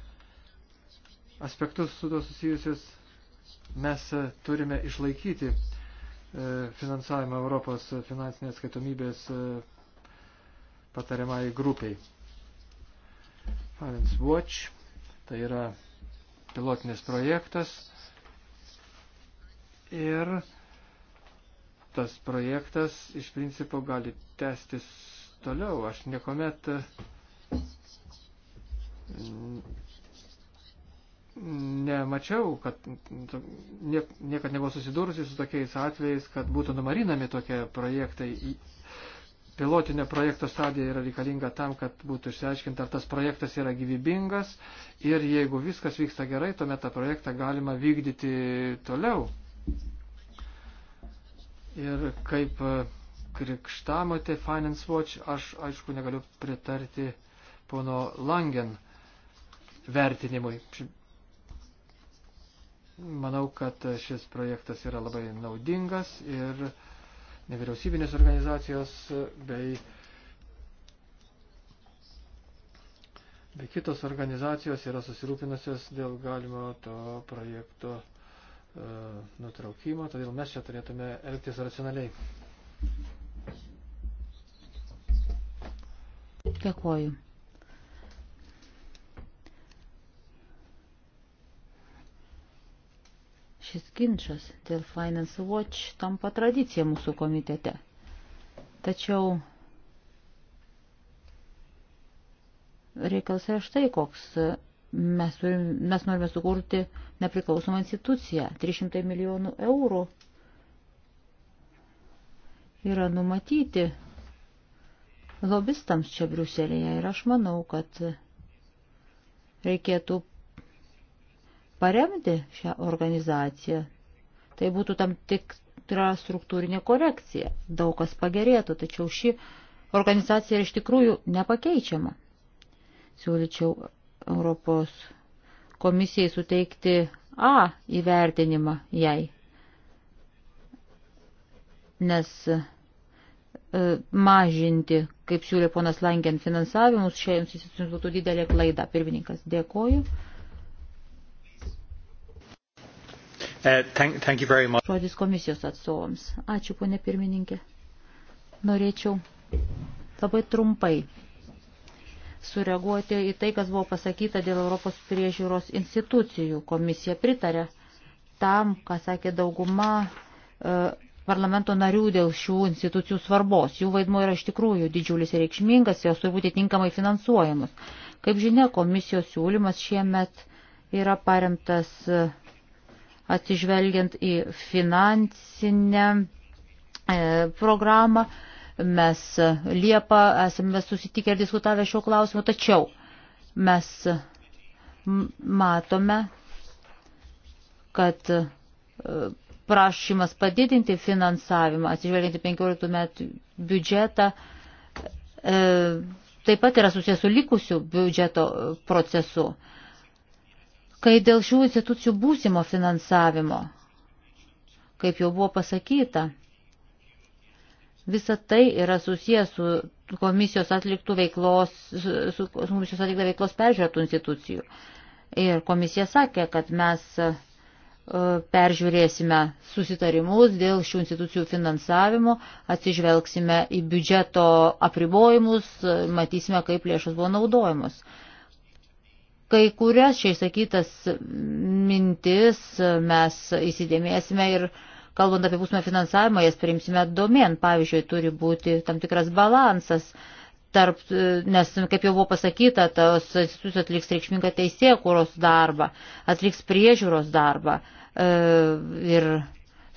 aspektus su to susijusius. Mes turime išlaikyti e, finansavimą Europos finansinės skaitomybės e, patariamai grupiai. Finance Watch tai yra pilotinis projektas ir tas projektas iš principo gali tęstis toliau. Aš niekuomet e, nemačiau, kad nie, niekad nebuvo susidūrusi su tokiais atvejais, kad būtų numarinami tokie projektai. Pilotinio projekto stadija yra reikalinga tam, kad būtų išsiaiškinta, ar tas projektas yra gyvybingas ir jeigu viskas vyksta gerai, tuomet tą projektą galima vykdyti toliau. Ir kaip e, krikštamotė Finance Watch, aš aišku negaliu pritarti pono Langen vertinimui. Manau, kad šis projektas yra labai naudingas ir nevyriausybinės organizacijos e, bei, bei kitos organizacijos yra susirūpinusios dėl galimo to projekto E, nutraukimo, todėl mes čia turėtume elgtis racionaliai. Dėkuoju. Šis ginčas dėl Finance Watch tampa tradicija mūsų komitete. Tačiau reikalas yra štai koks Mes, turim, mes norime sukurti nepriklausomą instituciją. 300 milijonų eurų yra numatyti lobistams čia Briuselėje ir aš manau, kad reikėtų paremti šią organizaciją. Tai būtų tam tikra struktūrinė korekcija. Daug kas pagerėtų, tačiau ši organizacija yra iš tikrųjų nepakeičiama. Siūlyčiau Europos komisijai suteikti A įvertinimą jai. Nes e, mažinti, kaip siūlė ponas Langen, finansavimus šiai jums įsitintų būtų didelė klaida. Pirmininkas, dėkoju. Uh, thank, thank Žodis komisijos atstovams. Ačiū, ponė pirmininkė. Norėčiau labai trumpai sureaguoti į tai, kas buvo pasakyta dėl Europos priežiūros institucijų. Komisija pritarė tam, ką sakė dauguma e, parlamento narių dėl šių institucijų svarbos. Jų vaidmo yra iš tikrųjų didžiulis ir reikšmingas, jos turi būti tinkamai finansuojamos. Kaip žinia, komisijos siūlymas šiemet yra paremtas e, atsižvelgiant į finansinę e, programą Mes Liepą esame susitikę ir diskutavę šio klausimu, tačiau mes matome, kad e, prašymas padidinti finansavimą, atsižvelgiant į 15 metų biudžetą, e, taip pat yra susijęs su likusiu biudžeto e, procesu. Kai dėl šių institucijų būsimo finansavimo, kaip jau buvo pasakyta, Visa tai yra susijęs su komisijos atliktų veiklos, su komisijos atlikta veiklos peržiūrėtų institucijų. Ir komisija sakė, kad mes e, peržiūrėsime susitarimus dėl šių institucijų finansavimo, atsižvelgsime į biudžeto apribojimus, e, matysime, kaip lėšos buvo naudojamos. Kai kurias šiais sakytas mintis e, mes įsidėmėsime ir uh, kalbant apie būsimą finansavimą, jas priimsime domen. Pavyzdžiui, turi būti tam tikras balansas. Tarp, e, nes, kaip jau buvo pasakyta, tos institucijos atliks reikšmingą teisėkūros darbą, atliks priežiūros darbą e, ir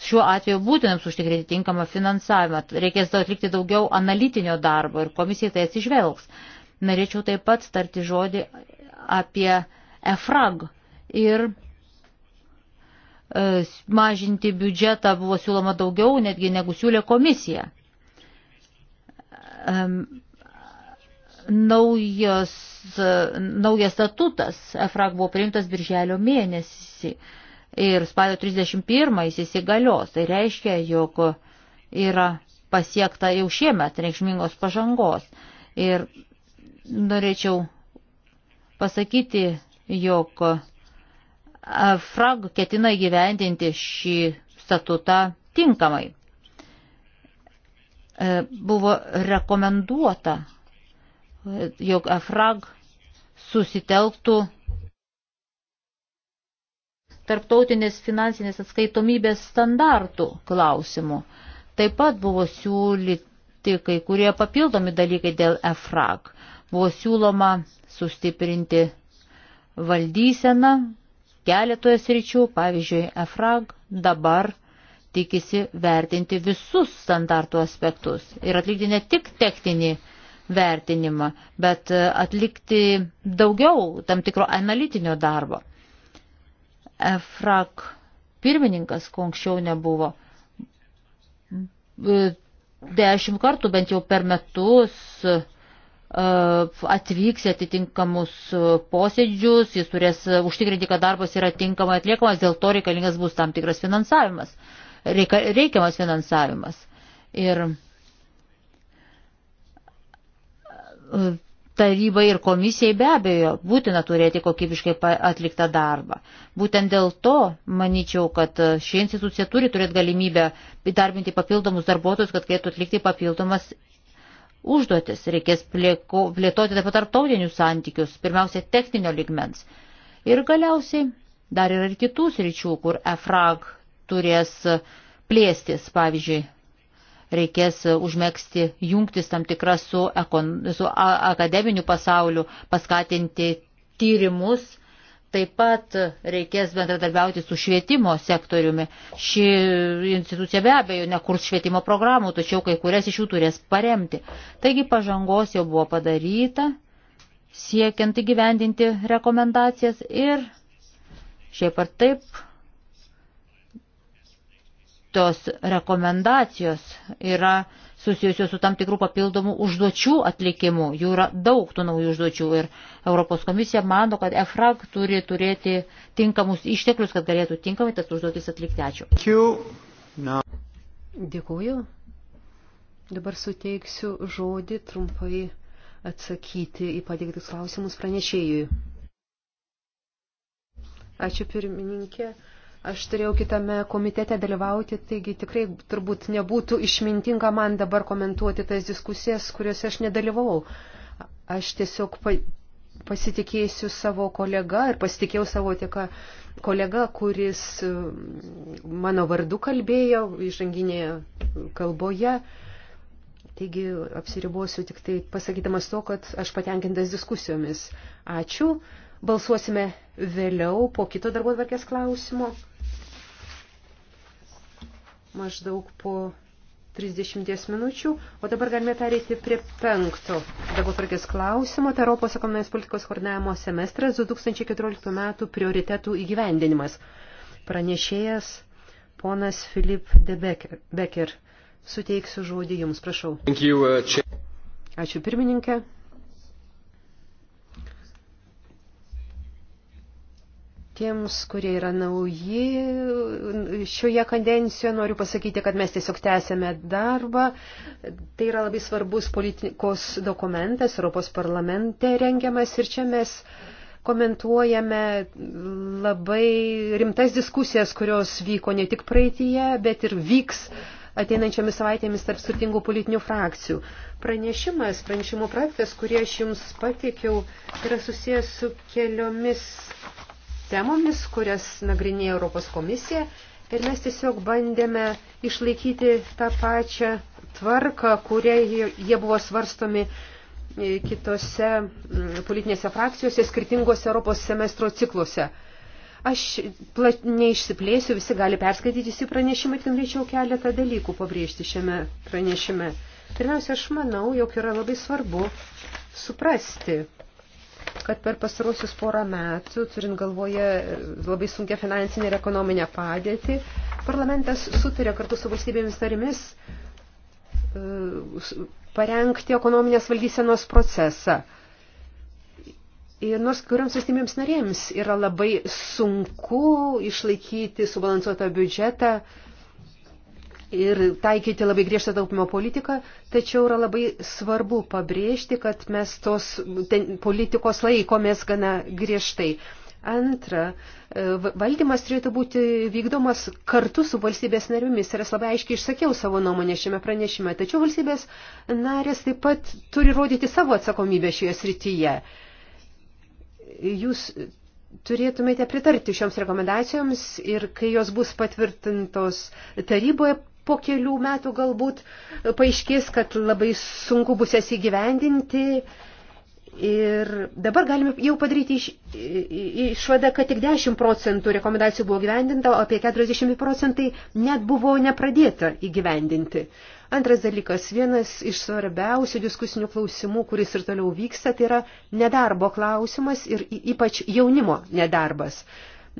šiuo atveju būtinams užtikrinti tinkamą finansavimą. Reikės atlikti daugiau analitinio darbo ir komisija tai atsižvelgs. Norėčiau taip pat starti žodį apie EFRAG ir E, mažinti biudžetą buvo siūloma daugiau netgi negu siūlė komisija. Naujas, e, naujas statutas EFRAG buvo priimtas birželio mėnesį ir spalio 31 jis įsigalios. Tai reiškia, jog yra pasiekta jau šiemet reikšmingos pažangos. Ir norėčiau pasakyti, jog FRAG ketina įgyvendinti šį statutą tinkamai. E, buvo rekomenduota, e, jog FRAG susitelktų tarptautinės finansinės atskaitomybės standartų klausimų. Taip pat buvo siūlyti kai kurie papildomi dalykai dėl EFRAG. Buvo siūloma sustiprinti valdyseną Keletoje sričių, pavyzdžiui, EFRAG dabar tikisi vertinti visus standartų aspektus ir atlikti ne tik techninį vertinimą, bet e, atlikti daugiau tam tikro analitinio darbo. EFRAG pirmininkas, ko anksčiau nebuvo, dešimt kartų bent jau per metus atvyks į atitinkamus e, posėdžius, jis turės e, užtikrinti, kad darbas yra tinkamai atliekamas, dėl to reikalingas bus tam tikras finansavimas, reika, reikiamas finansavimas. Ir e, tarybai ir komisijai be abejo būtina turėti kokybiškai atliktą darbą. Būtent dėl to, manyčiau, kad ši institucija turi turėti galimybę įdarbinti papildomus darbuotojus, kad galėtų atlikti papildomas užduotis, reikės plėtoti taip pat tarptautinius santykius, pirmiausia techninio ligmens. Ir galiausiai dar yra ir kitų sričių, kur EFRAG turės plėstis, pavyzdžiui, reikės užmėgsti jungtis tam tikras su, ekon, su akademiniu pasauliu, paskatinti tyrimus Taip pat reikės bendradarbiauti su švietimo sektoriumi. Ši institucija be abejo nekurs švietimo programų, tačiau kai kurias iš jų turės paremti. Taigi pažangos jau buvo padaryta, siekiant įgyvendinti rekomendacijas ir šiaip ar taip tos rekomendacijos yra susijusios su tam tikrų papildomų užduočių atlikimu. Jų yra daug tų naujų užduočių ir Europos komisija mano, kad EFRAG turi turėti tinkamus išteklius, kad galėtų tinkamai tas užduotis atlikti. Ačiū. Dėkuoju. Dabar suteiksiu žodį trumpai atsakyti į padėktus klausimus pranešėjui. Ačiū pirmininkė. Aš turėjau kitame komitete dalyvauti, taigi tikrai turbūt nebūtų išmintinga man dabar komentuoti tas diskusijas, kuriuose aš nedalyvau. Aš tiesiog pasitikėsiu savo kolega ir pasitikėjau savo tieka kolega, kuris mm, mano vardu kalbėjo įžanginėje kalboje. Taigi apsiribosiu tik tai pasakydamas to, kad aš patenkintas diskusijomis. Ačiū. Balsuosime vėliau po kito darbo tvarkės klausimo maždaug po 30 minučių, o dabar galime pereiti prie penkto darbotvarkės klausimo, tai Europos ekonominės politikos koordinavimo semestras 2014 metų prioritetų įgyvendinimas. Pranešėjas ponas Filip de Becker. Suteiksiu žodį jums, prašau. Uh, Ačiū pirmininkė. Tiems, kurie yra nauji, šioje kadencijoje noriu pasakyti, kad mes tiesiog tęsėme darbą. Tai yra labai svarbus politikos dokumentas, Europos parlamente rengiamas ir čia mes komentuojame labai rimtas diskusijas, kurios vyko ne tik praeitie, bet ir vyks ateinančiomis savaitėmis tarp skirtingų politinių frakcijų. Pranešimas, pranešimų projektas, kurį aš jums pateikiau, yra susijęs su keliomis temomis, kurias nagrinėjo Europos komisija ir mes tiesiog bandėme išlaikyti tą pačią tvarką, kurie jie buvo svarstomi e, kitose mm, politinėse frakcijose, skirtingose Europos semestro cikluose. Aš plat, neišsiplėsiu, visi gali perskaityti šį pranešimą, tik norėčiau keletą dalykų pabrėžti šiame pranešime. Pirmiausia, aš manau, jog yra labai svarbu suprasti, kad per pasarosius porą metų, turint galvoje labai sunkia finansinė ir ekonominė padėtį, parlamentas sutarė kartu su valstybėmis narimis e, parengti ekonominės valdysenos procesą. Ir nors kuriams valstybėms narėms yra labai sunku išlaikyti subalansuotą biudžetą, ir taikyti labai griežtą taupimo politiką, tačiau yra labai svarbu pabrėžti, kad mes tos ten, politikos laikomės gana griežtai. Antra, e, valdymas turėtų būti vykdomas kartu su valstybės narėmis. Ir aš labai aiškiai išsakiau savo nuomonę šiame pranešime. Tačiau valstybės narės taip pat turi rodyti savo atsakomybę šioje srityje. Jūs turėtumėte pritarti šioms rekomendacijoms ir kai jos bus patvirtintos taryboje, po kelių metų galbūt paaiškės, kad labai sunku bus jas įgyvendinti. Ir dabar galime jau padaryti iš, išvadą, kad tik 10 procentų rekomendacijų buvo gyvendinta, o apie 40 procentai net buvo nepradėta įgyvendinti. Antras dalykas, vienas iš svarbiausių diskusinių klausimų, kuris ir toliau vyksta, tai yra nedarbo klausimas ir ypač jaunimo nedarbas.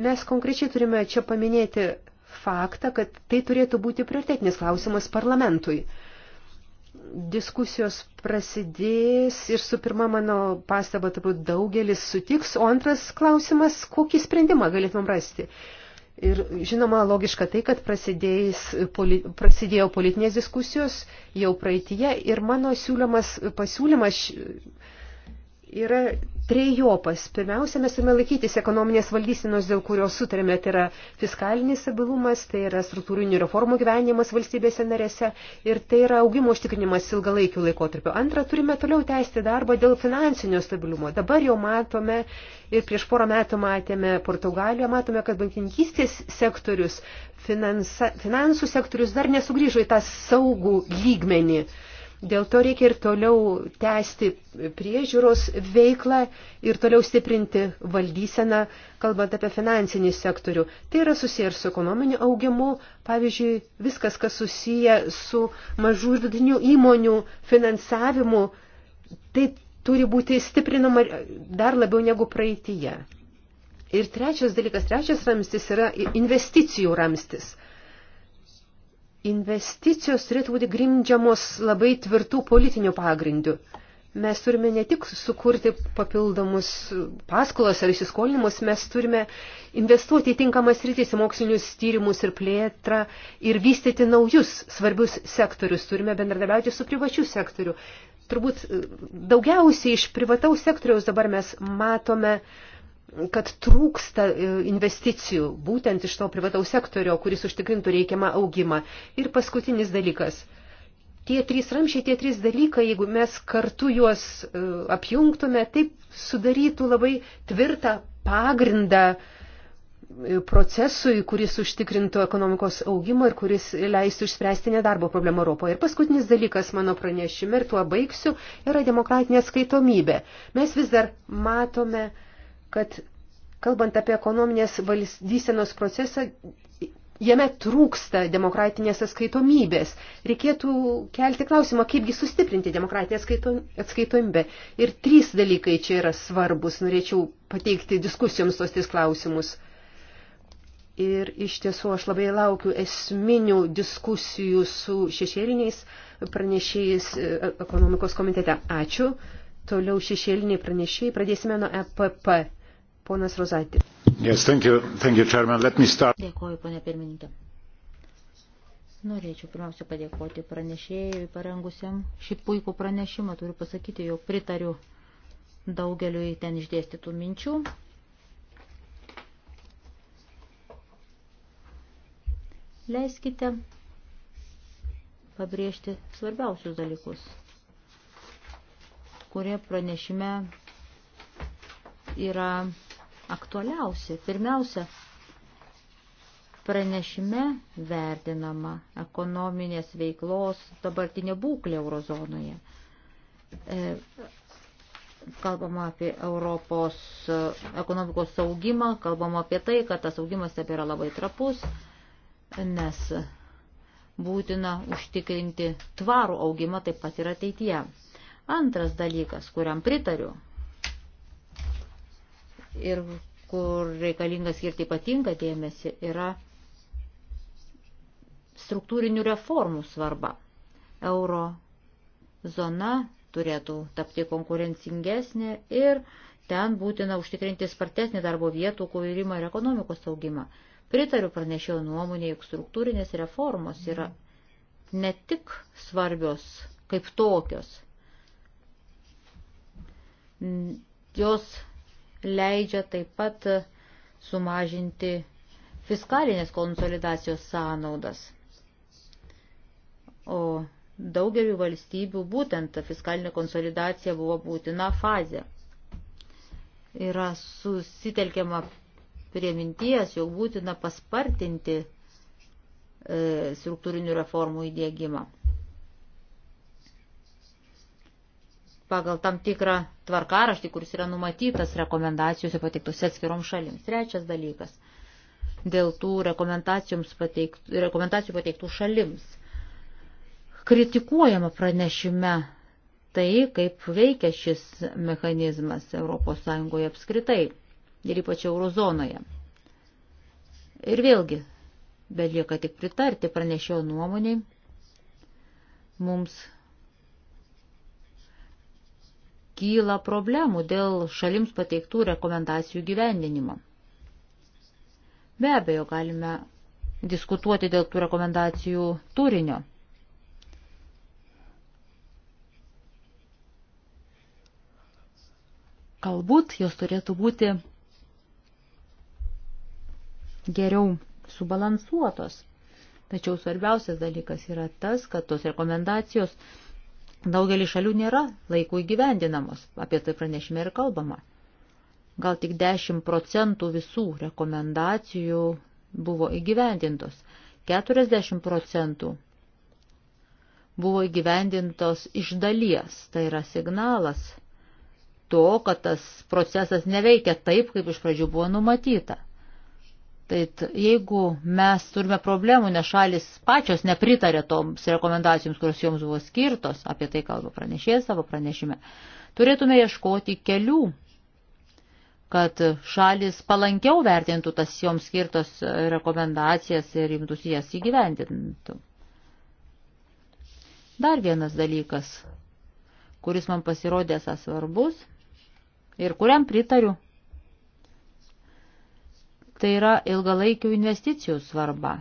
Mes konkrečiai turime čia paminėti faktą, kad tai turėtų būti prioritetinis klausimas parlamentui. Diskusijos prasidės ir su pirma mano pastaba turbūt daugelis sutiks, o antras klausimas, kokį sprendimą galėtumėm rasti. Ir žinoma, logiška tai, kad poli, prasidėjo politinės diskusijos jau praeitie ir mano siūlomas pasiūlymas. Š, yra trejopas. Pirmiausia, mes turime laikytis ekonominės valdysinos, dėl kurios sutarėme, tai yra fiskalinis stabilumas, tai yra struktūrinių reformų gyvenimas valstybėse narėse ir tai yra augimo užtikrinimas ilgalaikių laikotarpių. Antra, turime toliau tęsti darbą dėl finansinio stabilumo. Dabar jau matome ir prieš porą metų matėme Portugaliją, matome, kad bankininkystės sektorius, finansa, finansų sektorius dar nesugrįžo į tą saugų lygmenį. Dėl to reikia ir toliau tęsti priežiūros veiklą ir toliau stiprinti valdyseną, kalbant apie finansinį sektorių. Tai yra susiję ir su ekonominiu augimu, pavyzdžiui, viskas, kas susiję su mažų ir vidinių įmonių finansavimu, tai turi būti stiprinama dar labiau negu praeityje. Ir trečias dalykas, trečias ramstis yra investicijų ramstis – investicijos turėtų būti grindžiamos labai tvirtų politinių pagrindų. Mes turime ne tik sukurti papildomus paskolas ar įsiskolinimus, mes turime investuoti į tinkamas rytis, į mokslinius tyrimus ir plėtrą ir vystyti naujus svarbius sektorius. Turime bendradarbiauti su privačiu sektoriu. Turbūt daugiausiai iš privataus sektoriaus dabar mes matome uh, kad trūksta e, investicijų būtent iš to privataus sektorio, kuris užtikrintų reikiamą augimą. Ir paskutinis dalykas. Tie trys ramšiai, tie trys dalykai, jeigu mes kartu juos e, apjungtume, taip sudarytų labai tvirtą pagrindą e, procesui, kuris užtikrintų ekonomikos augimą ir kuris leistų išspręsti nedarbo problemą Europoje. Ir paskutinis dalykas mano pranešime, ir tuo baigsiu, yra demokratinė skaitomybė. Mes vis dar matome uh, kad kalbant apie ekonominės valdysenos procesą, jame trūksta demokratinės atskaitomybės. Reikėtų kelti klausimą, kaipgi sustiprinti demokratinę atskaitomybę. Ir trys dalykai čia yra svarbus, norėčiau pateikti diskusijoms tos tris klausimus. Ir iš tiesų aš labai laukiu esminių diskusijų su šešėliniais pranešėjais e, e, ekonomikos komitete. Ačiū. Toliau šešėliniai pranešėjai. Pradėsime nuo EPP. Ponas Rozatė. Yes, thank you, thank you, chairman. Let me start. Dėkuoju, ponė pirmininkė. Norėčiau pirmiausia padėkoti pranešėjui parengusiam šį puikų pranešimą. Turiu pasakyti, jog pritariu daugeliu į ten išdėstytų minčių. Leiskite pabrėžti svarbiausius dalykus kurie pranešime yra aktualiausi. Pirmiausia, pranešime vertinama ekonominės veiklos dabartinė būklė eurozonoje. E, kalbama apie Europos ekonomikos saugimą, kalbama apie tai, kad tas augimas tebėra labai trapus, nes būtina užtikrinti tvarų augimą taip pat ir ateityje. Antras dalykas, kuriam pritariu ir kur reikalinga skirti ypatingą dėmesį, yra struktūrinių reformų svarba. Euro zona turėtų tapti konkurencingesnė ir ten būtina užtikrinti spartesnį darbo vietų kūrimą ir ekonomikos augimą. Pritariu pranešėjo nuomonė, jog struktūrinės reformos yra ne tik svarbios kaip tokios, Jos leidžia taip pat sumažinti fiskalinės konsolidacijos sąnaudas. O daugeliu valstybių būtent ta fiskalinė konsolidacija buvo būtina fazė. Yra susitelkiama prie minties, jog būtina paspartinti e, struktūrinių reformų įdėgymą. pagal tam tikrą tvarkaraštį, kuris yra numatytas rekomendacijose pateiktose atskirom šalims. Trečias dalykas - dėl tų pateiktų, rekomendacijų pateiktų šalims. Kritikuojama pranešime tai, kaip veikia šis mechanizmas ES apskritai ir ypač eurozonoje. Ir vėlgi, belieka tik pritarti pranešėjo nuomoniai. Mums kyla problemų dėl šalims pateiktų rekomendacijų gyvendinimo. Be abejo, galime diskutuoti dėl tų rekomendacijų turinio. Galbūt jos turėtų būti geriau subalansuotos. Tačiau svarbiausias dalykas yra tas, kad tos rekomendacijos daugelį šalių nėra laikų įgyvendinamos, apie tai pranešime ir kalbama. Gal tik 10 procentų visų rekomendacijų buvo įgyvendintos, 40 procentų buvo įgyvendintos iš dalies, tai yra signalas to, kad tas procesas neveikia taip, kaip iš pradžių buvo numatyta. Tai jeigu mes turime problemų, nes šalis pačios nepritarė toms rekomendacijoms, kurios joms buvo skirtos, apie tai kalba pranešėjas savo pranešime, turėtume ieškoti kelių, kad šalis palankiau vertintų tas joms skirtos rekomendacijas ir imtųsi jas įgyvendintų. Dar vienas dalykas, kuris man pasirodė esas svarbus ir kuriam pritariu tai yra ilgalaikių investicijų svarba,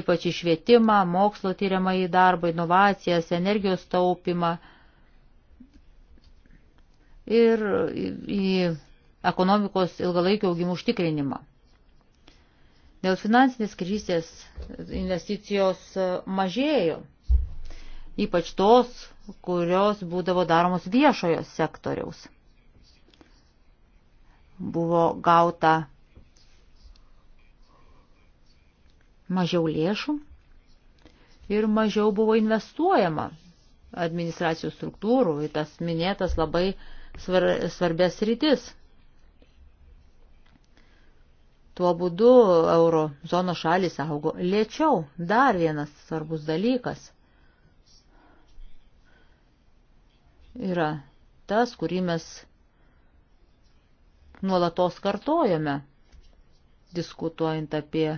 ypač į švietimą, mokslo tyriamą į darbą, inovacijas, energijos taupimą ir į ekonomikos ilgalaikio augimų užtikrinimą. Dėl finansinės krizės investicijos mažėjo, ypač tos, kurios būdavo daromos viešojo sektoriaus. Buvo gauta mažiau lėšų ir mažiau buvo investuojama administracijos struktūrų į tas minėtas labai svar, svarbės rytis. Tuo būdu euro zono šalis augo lėčiau. Dar vienas svarbus dalykas yra tas, kurį mes nuolatos kartojame, diskutuojant apie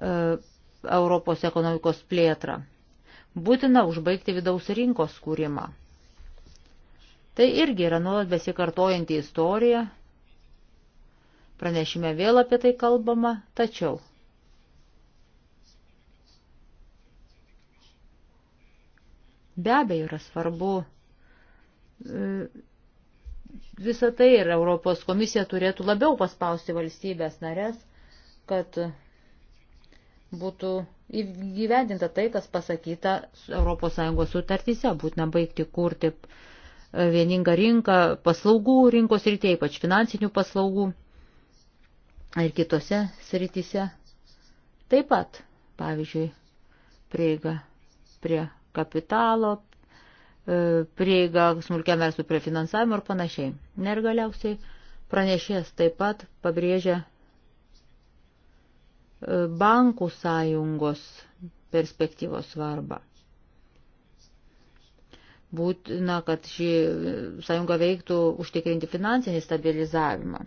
E, Europos ekonomikos plėtrą. Būtina užbaigti vidaus rinkos kūrimą. Tai irgi yra nuolat besikartojanti istorija. Pranešime vėl apie tai kalbama, tačiau. Be abejo yra svarbu e, visą tai ir Europos komisija turėtų labiau paspausti valstybės narės, kad būtų įgyvendinta tai, kas pasakyta ES sutartyse, būtina baigti kurti e, vieningą rinką paslaugų rinkos rytėje, ypač finansinių paslaugų ir kitose srityse. Taip pat, pavyzdžiui, prieiga prie kapitalo, e, prieiga smulkiam verslui prie finansavimo ir panašiai. Nergaliausiai pranešės taip pat pabrėžia bankų sąjungos perspektyvos svarbą. Būtina, kad ši sąjunga veiktų užtikrinti finansinį stabilizavimą.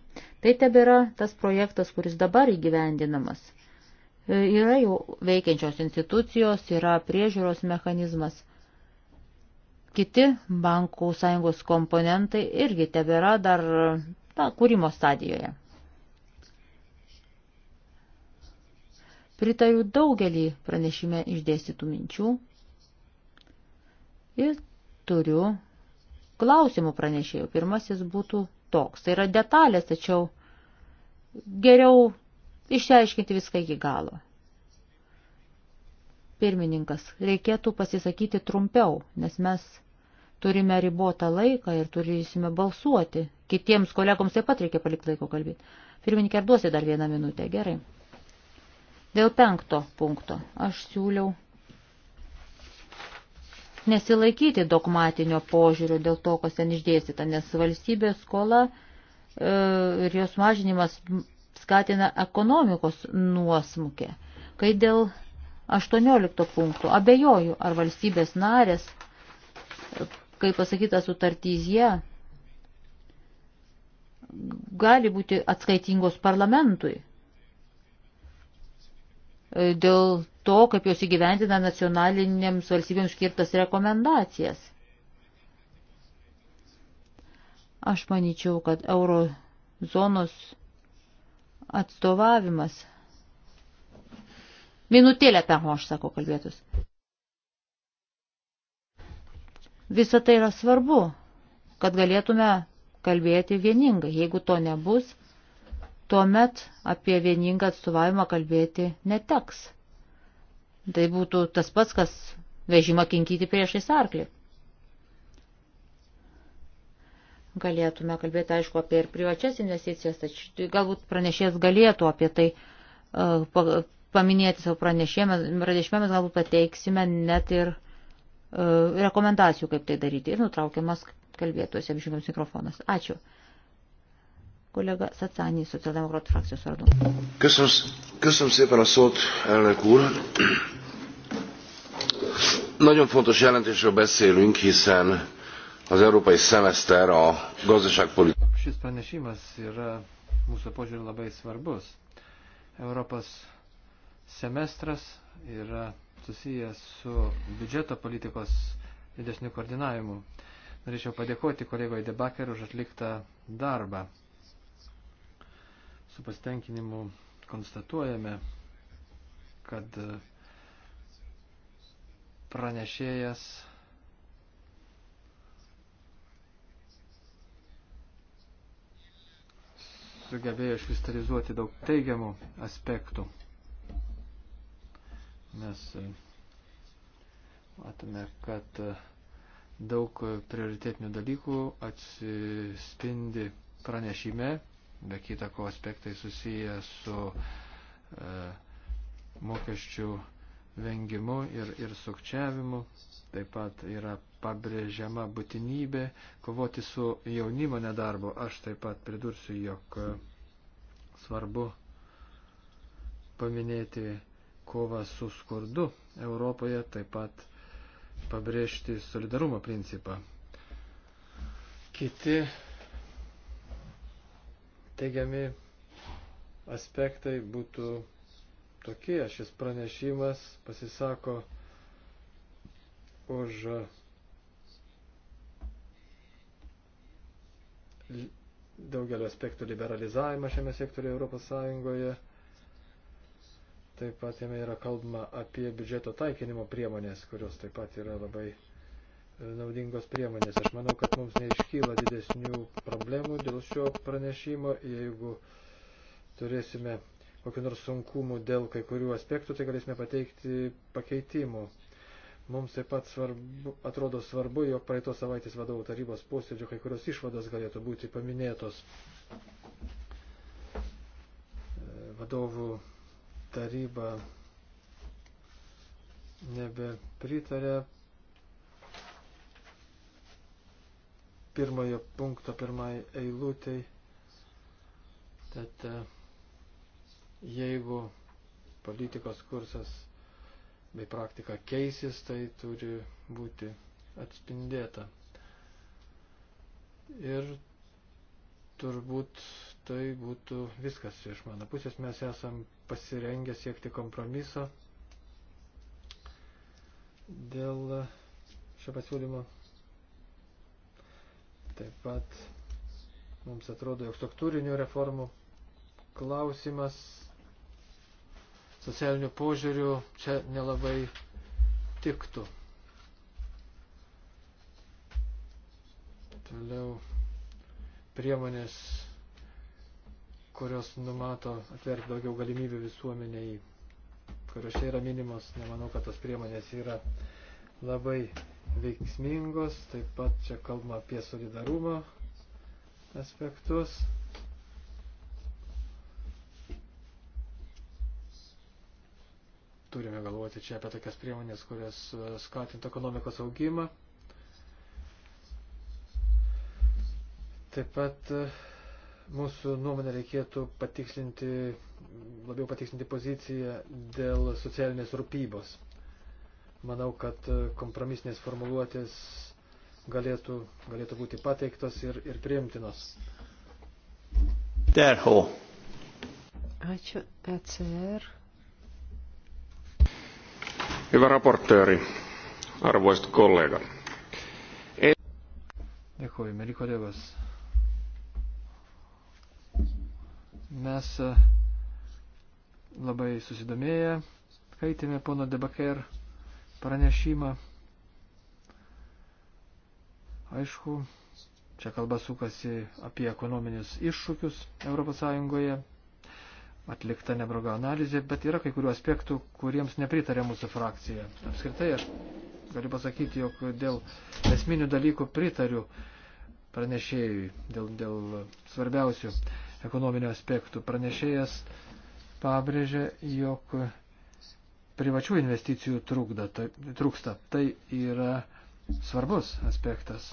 Tai tebėra tas projektas, kuris dabar įgyvendinamas. Yra jau veikiančios institucijos, yra priežiūros mechanizmas. Kiti bankų sąjungos komponentai irgi tebėra dar na, kūrimo stadijoje. Pritariu daugelį pranešime išdėstytų minčių ir turiu klausimų pranešėjų. Pirmasis būtų toks. Tai yra detalės, tačiau geriau išsiaiškinti viską iki galo. Pirmininkas, reikėtų pasisakyti trumpiau, nes mes turime ribotą laiką ir turėsime balsuoti. Kitiems kolegoms taip pat reikia palikti laiko kalbėti. Pirmininkė, ar duosi dar vieną minutę? Gerai. Dėl penkto punkto aš siūliau nesilaikyti dogmatinio požiūrio dėl to, kas ten išdėstyta, nes valstybės skola e, ir jos mažinimas skatina ekonomikos nuosmukė. Kai dėl 18 punktų abejoju, ar valstybės narės, kaip pasakyta sutartyje, gali būti atskaitingos parlamentui E, dėl to, kaip jos įgyvendina nacionalinėms valstybėms skirtas rekomendacijas. Aš manyčiau, kad eurozonos atstovavimas. Minutėlę permo, aš sako kalbėtus. Visa tai yra svarbu, kad galėtume kalbėti vieningai. Jeigu to nebus, tuomet apie vieningą atstovavimą kalbėti neteks. Tai būtų tas pats, kas vežimą kinkyti priešais arklį. Galėtume kalbėti, aišku, apie ir privačias investicijas, tačiau galbūt pranešėjas galėtų apie tai uh, paminėti savo pranešėme, pranešime mes galbūt pateiksime net ir uh, rekomendacijų, kaip tai daryti. Ir nutraukiamas kalbėtųsi apžymams mikrofonas. Ačiū. Uh, kollega Szacányi, Szociáldemokrat frakciós vardu. Köszönöm, köszönöm szépen a szót, elnök úr. Nagyon fontos jelentésről beszélünk, hiszen az európai szemeszter a gazdaságpolitikai. Šis pranešimas yra mūsų požiūrį labai svarbus. Europos semestras yra susijęs su biudžeto politikos didesniu koordinavimu. Norėčiau padėkoti kolegoje Debaker už atliktą darbą su pasitenkinimu konstatuojame, kad pranešėjas sugebėjo iškristalizuoti daug teigiamų aspektų. Mes e, matome, kad e, daug prioritetinių dalykų atsispindi pranešime be kita ko aspektai susiję su e, mokesčių vengimu ir, ir sukčiavimu. Taip pat yra pabrėžiama būtinybė kovoti su jaunimo nedarbu. Aš taip pat pridursiu, jog svarbu paminėti kovą su skurdu Europoje, taip pat pabrėžti solidarumo principą. Kiti teigiami aspektai būtų tokie. Šis pranešimas pasisako už daugelio aspektų liberalizavimą šiame sektoriuje Europos Sąjungoje. Taip pat jame yra kalbama apie biudžeto taikinimo priemonės, kurios taip pat yra labai naudingos priemonės. Aš manau, kad mums neiškyla didesnių problemų dėl šio pranešimo. Jeigu turėsime kokiu nors sunkumu dėl kai kurių aspektų, tai galėsime pateikti pakeitimų. Mums taip pat svarbu, atrodo svarbu, jog praeitos savaitės vadovų tarybos posėdžio kai kurios išvados galėtų būti paminėtos. Vadovų taryba nebepritarė pirmojo punkto pirmai eilutei. Tad e, jeigu politikos kursas bei praktika keisis, tai turi būti atspindėta. Ir turbūt tai būtų viskas iš mano pusės. Mes esam pasirengę siekti kompromiso dėl šio pasiūlymo Taip pat mums atrodo, jog struktūrinių reformų klausimas socialinių požiūrių čia nelabai tiktų. Toliau priemonės, kurios numato atverti daugiau galimybių visuomeniai, kuriuose yra minimos, nemanau, kad tos priemonės yra labai veiksmingos, taip pat čia kalbama apie solidarumo aspektus. Turime galvoti čia apie tokias priemonės, kurios e, skatintų ekonomikos augimą. Taip pat e, mūsų nuomonė reikėtų patikslinti, labiau patikslinti poziciją dėl socialinės rūpybos. Manau, kad e, kompromisinės formuluotės galėtų, galėtų būti pateiktos ir, ir priimtinos. Derho. Ačiū, ECR. Hyvä raportööri, arvoisat kollegat. E Dėkuoju, mėly kolegos. Mes e, labai susidomėję kaitėme pono Debaker pranešimą. Aišku, čia kalba sukasi apie ekonominius iššūkius ES, atlikta nebroga analizė, bet yra kai kurių aspektų, kuriems nepritarė mūsų frakcija. Apskritai, aš galiu pasakyti, jog dėl esminių dalykų pritariu pranešėjui, dėl, dėl svarbiausių ekonominių aspektų. Pranešėjas pabrėžė, jog privačių investicijų trukda, tai, trūksta. Tai yra svarbus aspektas.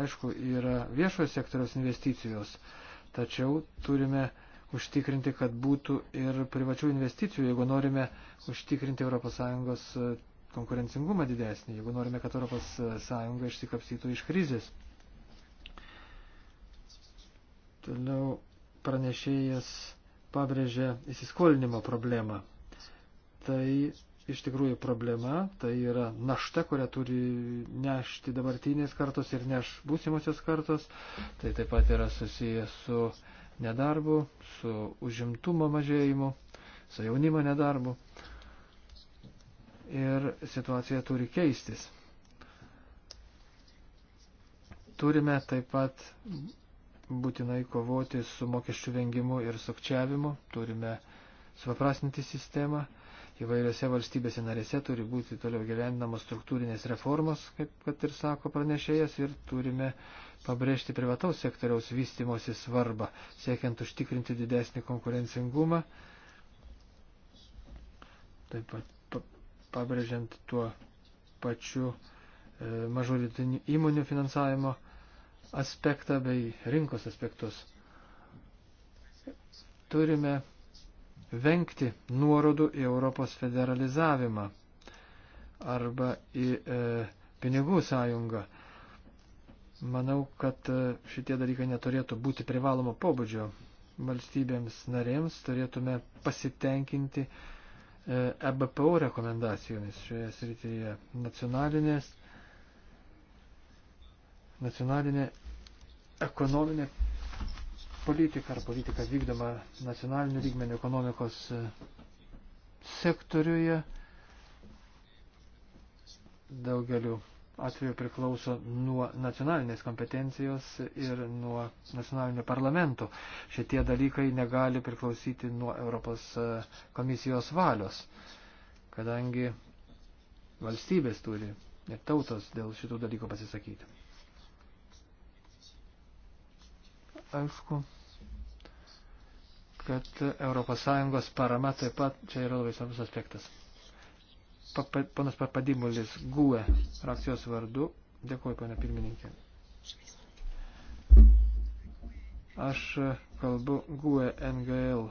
Aišku, yra viešojo sektoriaus investicijos, tačiau turime užtikrinti, kad būtų ir privačių investicijų, jeigu norime užtikrinti ES e, konkurencingumą didesnį, jeigu norime, kad ES išsikapsytų iš krizės. Toliau pranešėjas pabrėžė įsiskolinimo problemą. Tai iš tikrųjų problema, tai yra našta, kurią turi nešti dabartinės kartos ir neš būsimosios kartos. Tai taip pat yra susijęs su nedarbu, su užimtumo mažėjimu, su jaunimo nedarbu. Ir situacija turi keistis. Turime taip pat būtinai kovoti su mokesčių vengimu ir sukčiavimu, turime supaprastinti sistemą įvairiose valstybėse narėse turi būti toliau gyvendinamos struktūrinės reformos, kaip kad ir sako pranešėjas, ir turime pabrėžti privataus sektoriaus vystimosi svarbą, siekiant užtikrinti didesnį konkurencingumą, taip pat pabrėžiant tuo pačiu e, mažoritinių įmonių finansavimo aspektą bei rinkos aspektus. Turime vengti nuorodų į Europos federalizavimą arba į e, pinigų sąjungą. Manau, kad e, šitie dalykai neturėtų būti privalomo pobūdžio valstybėms narėms, turėtume pasitenkinti EBPO e rekomendacijomis šioje srityje nacionalinės, nacionalinė ekonominė politika ar politika vykdoma nacionaliniu lygmeniu ekonomikos e, sektoriuje daugeliu atveju priklauso nuo nacionalinės kompetencijos ir nuo nacionalinio parlamento. Šitie dalykai negali priklausyti nuo Europos e, komisijos valios, kadangi valstybės turi ir tautos dėl šitų dalykų pasisakyti. aišku, kad ES parama taip pat čia yra labai svarbus aspektas. Panas Papadimulis Gue frakcijos vardu. Dėkuoju, pana pirmininkė. Aš kalbu GUE NGL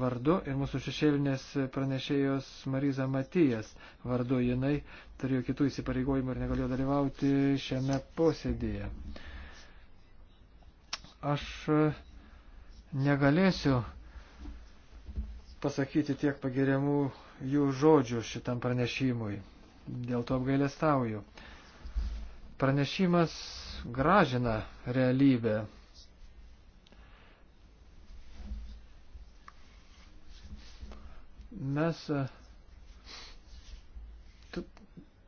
vardu ir mūsų šešėlinės pranešėjos Mariza Matijas vardu jinai turėjo kitų įsipareigojimų ir negalėjo dalyvauti šiame posėdėje aš e, negalėsiu pasakyti tiek pagiriamų jų žodžių šitam pranešimui. Dėl to apgailestauju. Pranešimas gražina realybę. Mes e,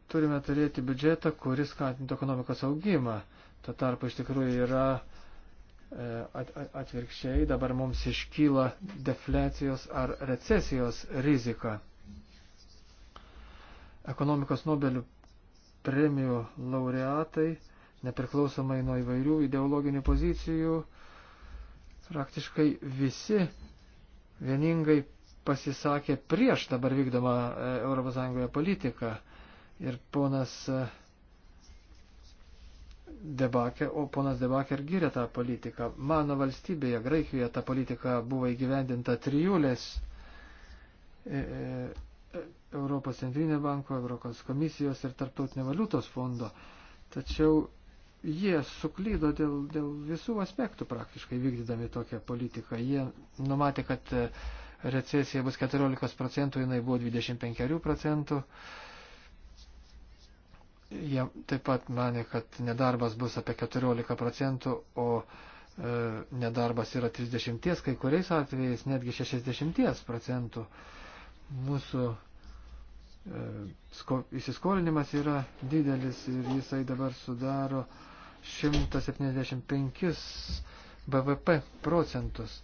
turime turėti biudžetą, kuris skatintų ekonomikos augimą. Tuo tarpu iš tikrųjų yra E, at, atvirkščiai dabar mums iškyla deflecijos ar recesijos rizika. Ekonomikos Nobelių premijų laureatai, nepriklausomai nuo įvairių ideologinių pozicijų, praktiškai visi vieningai pasisakė prieš dabar vykdomą ES politiką. Ir ponas e, Debakė, o ponas Debakė ir gyrė tą politiką. Mano valstybėje, Graikijoje, ta politika buvo įgyvendinta trijulės e, e, Europos centrinė banko, Europos komisijos ir Tarptautinio valiutos fondo. Tačiau jie suklydo dėl, dėl visų aspektų praktiškai vykdydami tokią politiką. Jie numatė, kad recesija bus 14 procentų, jinai buvo 25 procentų. E, jie taip pat mane, kad nedarbas bus apie 14 procentų, o e, nedarbas yra 30, kai kuriais atvejais netgi 60 procentų. Mūsų e, sko, įsiskolinimas yra didelis ir jisai dabar sudaro 175 BVP procentus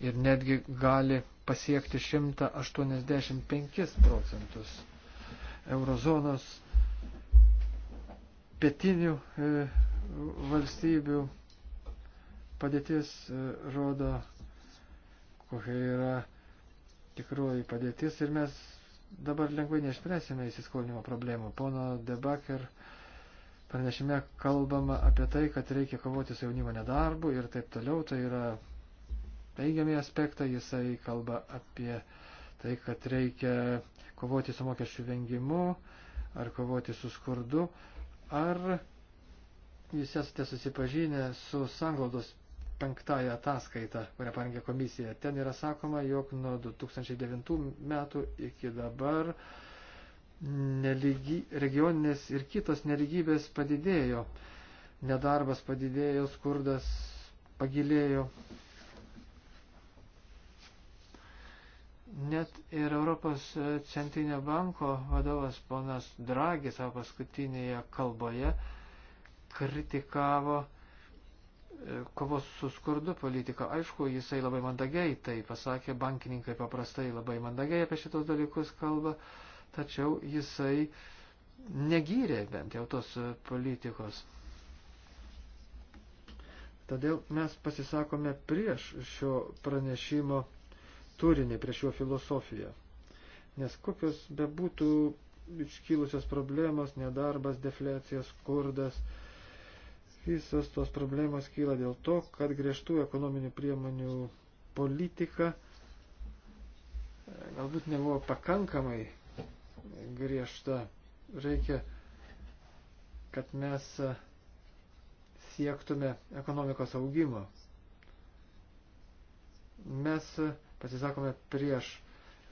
ir netgi gali pasiekti 185 procentus. Eurozonos pietinių e, valstybių padėtis e, rodo, kokia yra tikroji padėtis ir mes dabar lengvai neišspręsime įsiskolinimo problemų. Pono Debaker pranešime kalbama apie tai, kad reikia kovoti su jaunimo nedarbu ir taip toliau. Tai yra teigiami aspektai. Jisai kalba apie tai, kad reikia kovoti su mokesčių vengimu ar kovoti su skurdu. Ar jūs esate susipažinę su sanglaudos penktąją ataskaitą, kurią parengė komisija. Ten yra sakoma, jog nuo 2009 metų iki dabar nelygi, regioninės ir kitos neligybės padidėjo. Nedarbas padidėjo, skurdas pagilėjo. Net ir Europos centrinio banko vadovas ponas Dragi savo paskutinėje kalboje kritikavo e, kovos su skurdu politiką. Aišku, jisai labai mandagiai tai pasakė, bankininkai paprastai labai mandagiai apie šitos dalykus kalba, tačiau jisai negyrė bent jau tos e, politikos. Todėl mes pasisakome prieš šio pranešimo turinį, prieš jo filosofiją. Nes kokios bebūtų iškilusios problemos, nedarbas, deflecija, skurdas, visos tos problemos kyla dėl to, kad griežtų ekonominių priemonių politika e, galbūt nebuvo pakankamai griežta. Reikia, kad mes e, siektume ekonomikos augimo. Mes e, pasisakome prieš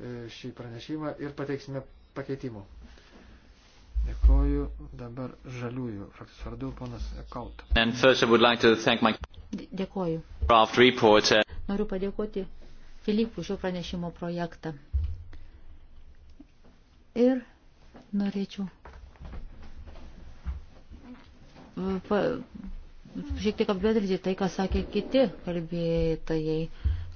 e, šį pranešimą ir pateiksime pakeitimų. Dėkuoju dabar žaliųjų frakcijos vardu, ponas Kaut. Dėkuoju. Uh, Noriu padėkoti Filipui šio pranešimo projektą. Ir norėčiau uh, pa, šiek tiek apbedrinti tai, ką sakė kiti kalbėtojai.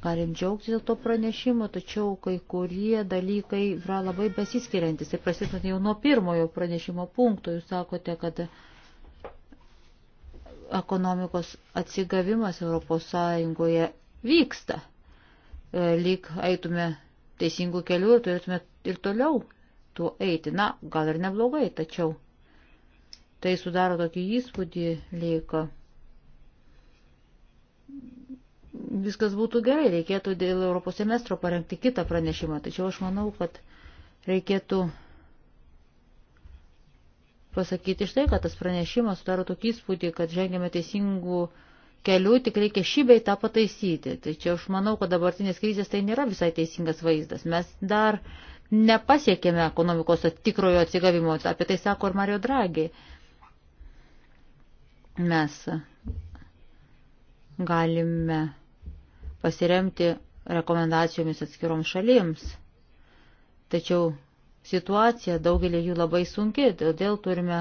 Galim džiaugtis dėl to pranešimo, tačiau kai kurie dalykai yra labai besiskiriantis. Ir tai prasidant jau nuo pirmojo pranešimo punkto, jūs sakote, kad ekonomikos atsigavimas Europos Sąjungoje vyksta. E, lyg eitume teisingų kelių ir turėtume ir toliau tuo eiti. Na, gal ir neblogai, tačiau tai sudaro tokį įspūdį lyg viskas būtų gerai, reikėtų dėl Europos semestro parengti kitą pranešimą, tačiau aš manau, kad reikėtų pasakyti štai, kad tas pranešimas sudaro tokį įspūdį, kad žengėme teisingų kelių, tik reikia šį bei tą pataisyti. Tačiau aš manau, kad dabartinės krizės tai nėra visai teisingas vaizdas. Mes dar nepasiekėme ekonomikos tikrojo atsigavimo, apie tai sako ir Mario Draghi. Mes galime pasiremti rekomendacijomis atskiroms šalims. Tačiau situacija daugelį jų labai sunki, todėl turime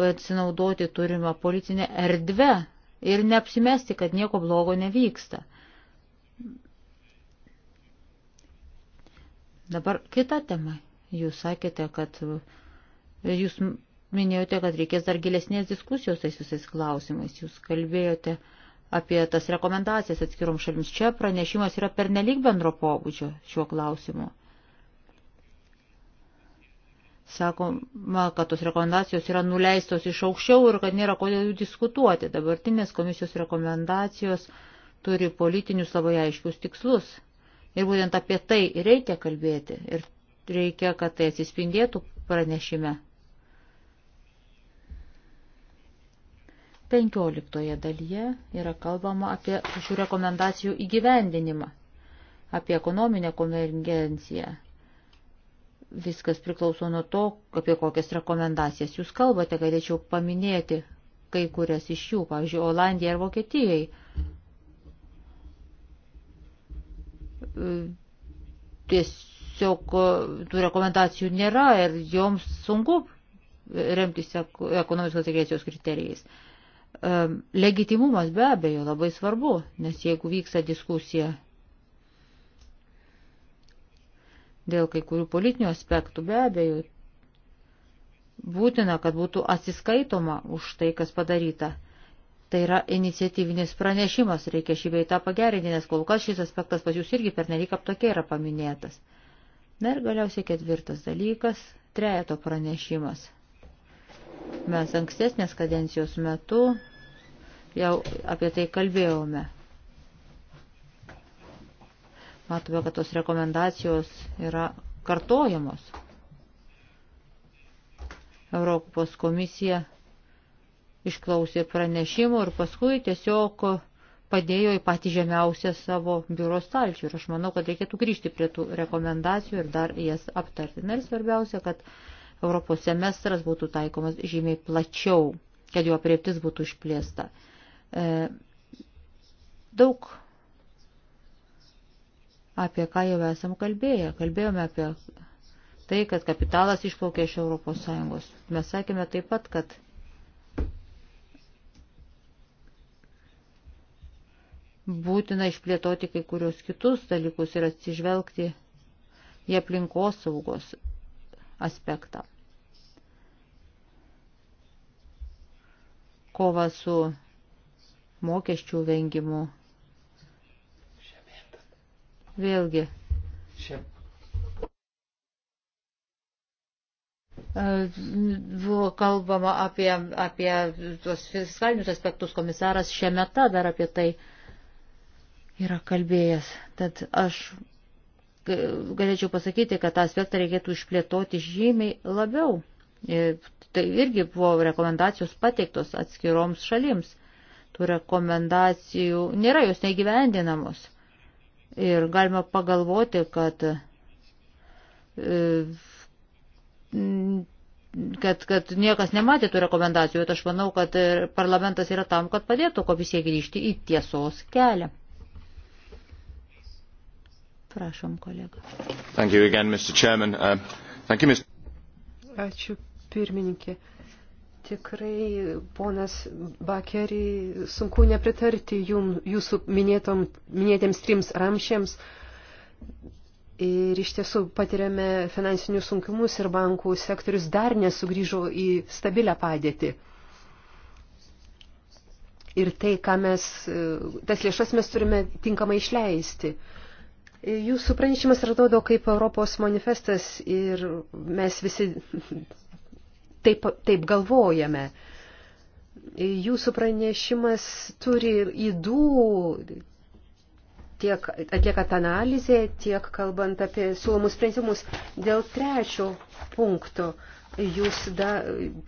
pasinaudoti turimą politinę erdvę ir neapsimesti, kad nieko blogo nevyksta. Dabar kita tema. Jūs sakėte, kad jūs minėjote, kad reikės dar gilesnės diskusijos tais visais klausimais. Jūs kalbėjote, uh, apie tas rekomendacijas atskirom šalims. Čia pranešimas yra pernelyg bendro pobūdžio šiuo klausimu. Sakoma, kad tos rekomendacijos yra nuleistos iš aukščiau ir kad nėra kodėl jų diskutuoti. Dabartinės komisijos rekomendacijos turi politinius labai aiškius tikslus. Ir būtent apie tai reikia kalbėti ir reikia, kad tai atsispindėtų pranešime. 15 dalyje yra kalbama apie šių rekomendacijų įgyvendinimą, apie ekonominę konvergenciją. Viskas priklauso nuo to, apie kokias rekomendacijas jūs kalbate, galėčiau paminėti kai kurias iš jų, pavyzdžiui, Olandijai ar Vokietijai. Tiesiog e, tų rekomendacijų nėra ir joms sunku remtis ekonomikos integracijos kriterijais. Legitimumas be abejo labai svarbu, nes jeigu vyksta diskusija dėl kai kurių politinių aspektų, be abejo, būtina, kad būtų atsiskaitoma už tai, kas padaryta. Tai yra iniciatyvinis pranešimas, reikia šį beitą pagerinti, nes kol kas šis aspektas pas jūs irgi per nelik aptokiai yra paminėtas. Na ir galiausiai ketvirtas dalykas - trejeto pranešimas. Mes ankstesnės kadencijos metu jau apie tai kalbėjome. Matome, kad tos rekomendacijos yra kartojamos. Europos komisija išklausė pranešimų ir paskui tiesiog padėjo į patį žemiausią savo biuro stalčių. Ir aš manau, kad reikėtų grįžti prie tų rekomendacijų ir dar jas aptarti. Na ir svarbiausia, kad Europos semestras būtų taikomas žymiai plačiau, kad jo apriektis būtų išplėsta. E, daug apie ką jau esam kalbėję. Kalbėjome apie tai, kad kapitalas išplaukė iš Europos Sąjungos. Mes sakėme taip pat, kad būtina išplėtoti kai kurios kitus dalykus ir atsižvelgti į aplinkos saugos aspektą. kovą su mokesčių vengimu. Vėlgi. Šiaip. E, buvo kalbama apie, apie tuos fiskalinius aspektus, komisaras šiame ta dar apie tai yra kalbėjęs. Tad aš galėčiau pasakyti, kad tą aspektą reikėtų išplėtoti žymiai labiau. E, Tai irgi buvo rekomendacijos pateiktos atskiroms šalims. Tų rekomendacijų nėra, jos neįgyvendinamos. Ir galima pagalvoti, kad, e, kad, kad niekas nematė tų rekomendacijų, bet aš manau, kad parlamentas yra tam, kad padėtų komisijai grįžti į tiesos kelią. Prašom, kolega. Thank you again, Mr. Chairman. Uh, thank you, Mr. Ačiū pirmininkė. Tikrai, ponas Bakerį, sunku nepritarti jum, jūsų minėtom, minėtėms trims ramšėms. Ir iš tiesų patiriame finansinius sunkumus ir bankų sektorius dar nesugrįžo į stabilę padėtį. Ir tai, ką mes, tas lėšas mes turime tinkamai išleisti. Jūsų pranešimas atrodo kaip Europos manifestas ir mes visi taip, taip galvojame. Jūsų pranešimas turi įdų tiek atliekant analizę, tiek kalbant apie siūlomus sprendimus. Dėl trečio punkto jūs da,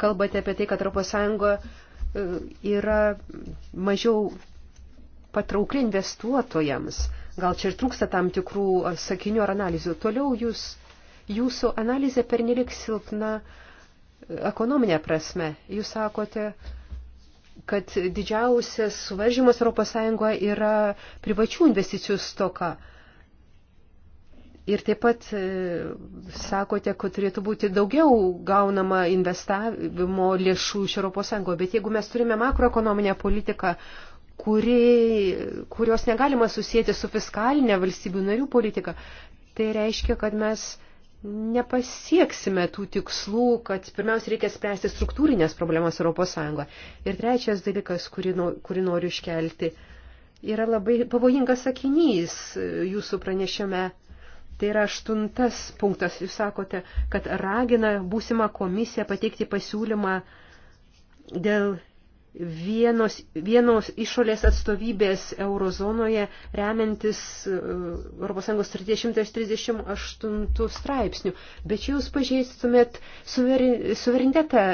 kalbate apie tai, kad ES e, yra mažiau patraukli investuotojams. Gal čia ir trūksta tam tikrų sakinių ar analizių. Toliau jūs, jūsų analizė pernelik silpna ekonominė prasme. Jūs sakote, kad didžiausias suvaržymas ES yra privačių investicijų stoka. Ir taip pat e, sakote, kad turėtų būti daugiau gaunama investavimo lėšų iš ES, bet jeigu mes turime makroekonominę politiką, kuri, kurios negalima susijęti su fiskalinė valstybių narių politika, tai reiškia, kad mes nepasieksime tų tikslų, kad pirmiausia reikia spręsti struktūrinės problemas ES. Ir trečias dalykas, kurį, kurį noriu iškelti, yra labai pavojingas sakinys jūsų pranešime. Tai yra aštuntas punktas. Jūs sakote, kad ragina būsimą komisiją pateikti pasiūlymą dėl vienos, vienos išorės atstovybės eurozonoje remiantis ES 338 straipsnių. Bet čia jūs pažeistumėt suverenitetą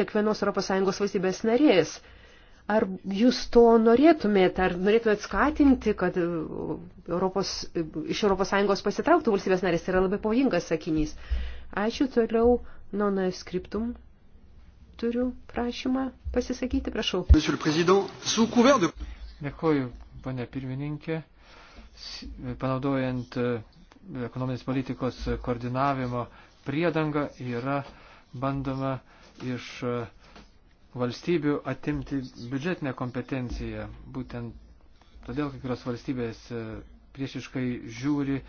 kiekvienos ES valstybės narės. Ar jūs to norėtumėt, ar norėtumėt skatinti, kad e, Europos, iš ES pasitrauktų valstybės narės? Tai yra labai pavojingas sakinys. Ačiū toliau, nona skriptum turiu prašymą pasisakyti, prašau. Dėkuoju, ponė pirmininkė. Panaudojant e, ekonominės politikos koordinavimo priedangą yra bandoma iš e, valstybių atimti biudžetinę kompetenciją. Būtent todėl kai kurios valstybės e, priešiškai žiūri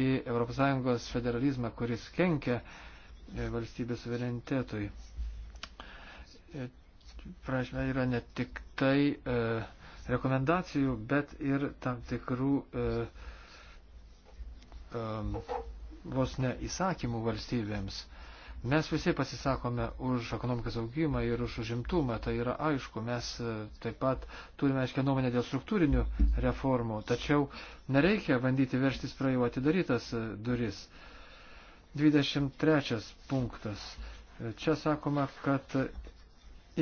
į ES federalizmą, kuris kenkia valstybės suverenitetui. E, prašme yra ne tik tai e, rekomendacijų, bet ir tam tikrų e, e, vos ne įsakymų valstybėms. Mes visi pasisakome už ekonomikos augimą ir už užimtumą, tai yra aišku, mes e, taip pat turime aiškę nuomonę dėl struktūrinių reformų, tačiau nereikia bandyti verštis pro jau atidarytas e, duris. 23 punktas. Čia sakoma, kad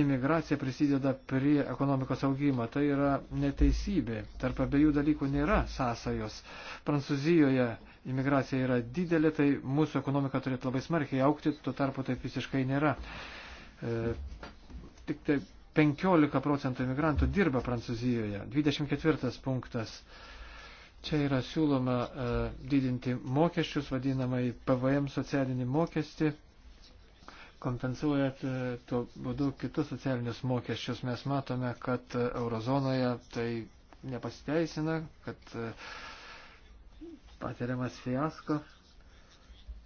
imigracija prisideda prie ekonomikos augimo. Tai yra neteisybė. Tarp abiejų dalykų nėra sąsajos. Prancūzijoje imigracija yra didelė, tai mūsų ekonomika turėtų labai smarkiai aukti, tuo tarpu taip visiškai nėra. E, tik tai 15 procentų imigrantų dirba Prancūzijoje. 24 punktas. Čia yra siūloma e, didinti mokesčius, vadinamai PVM socialinį mokestį kompensuojat e, tuo būdu kitus socialinius mokesčius. Mes matome, kad eurozonoje tai nepasiteisina, kad e, patiriamas fiasko.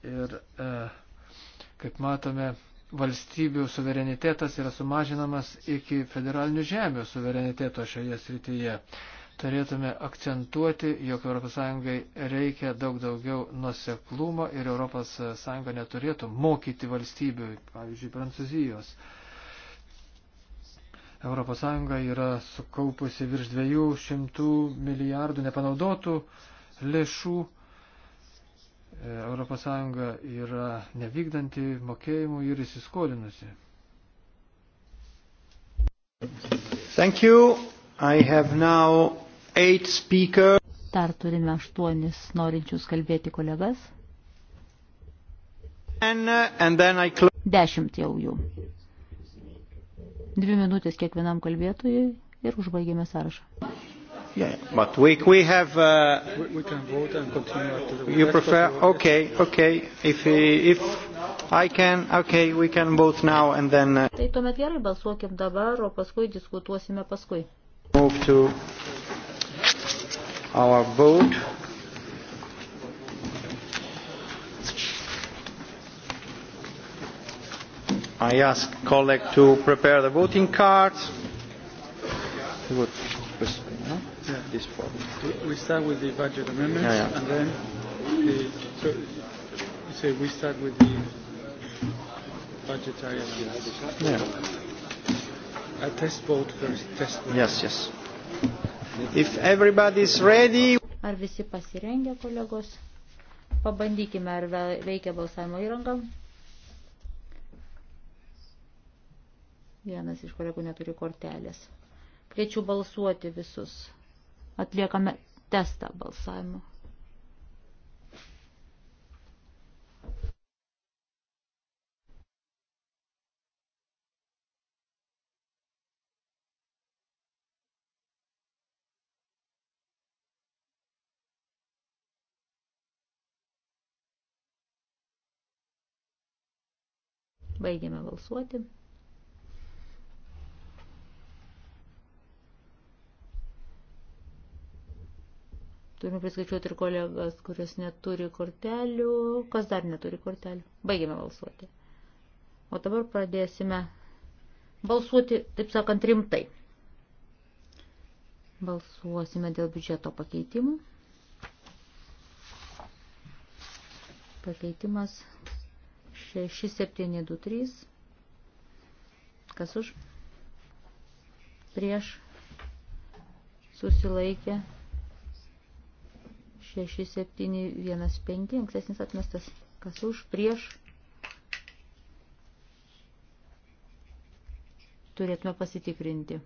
Ir e, kaip matome, valstybių suverenitetas yra sumažinamas iki federalinių žemių suvereniteto šioje srityje. E, turėtume akcentuoti, jog ES reikia daug daugiau nuseklumo ir ES neturėtų mokyti valstybių, pavyzdžiui, Prancūzijos. ES yra sukaupusi virš 200 milijardų nepanaudotų lėšų. ES yra nevykdanti mokėjimų ir įsiskolinusi. Thank you. Dar turime aštuonis norinčius kalbėti kolegas. And, uh, and I... Dešimt jau jų. Dvi minutės kiekvienam kalbėtojui ir užbaigėme sąrašą. Yeah, but we, we have. Uh, we, we can vote and continue after the. You prefer? Okay, okay. If if I can, okay, we can vote now and then. Uh... Tai tuomet gerai balsuokim dabar, o paskui diskutuosime paskui. Move to our vote. I ask colleagues to prepare the voting cards. Good. No? Yeah. This form. We start with the budget amendments yeah, yeah. and then the, so you say we start with the budgetary amendments. Yeah a test vote first. Test vote. Yes, yes. If everybody's ready. Ar visi pasirengę, kolegos? Pabandykime, ar veikia balsavimo įranga. Vienas iš kolegų neturi kortelės. Kviečiu balsuoti visus. Atliekame testą balsavimo. Baigiame balsuoti. Turime priskaičiuoti ir kolegas, kurios neturi kortelių. Kas dar neturi kortelių? Baigiame balsuoti. O dabar pradėsime balsuoti, taip sakant, rimtai. Balsuosime dėl biudžeto pakeitimų. Pakeitimas 6723. Kas už? Prieš susilaikė 6715. Ankstesnis atmestas. Kas už? Prieš. Turėtume pasitikrinti.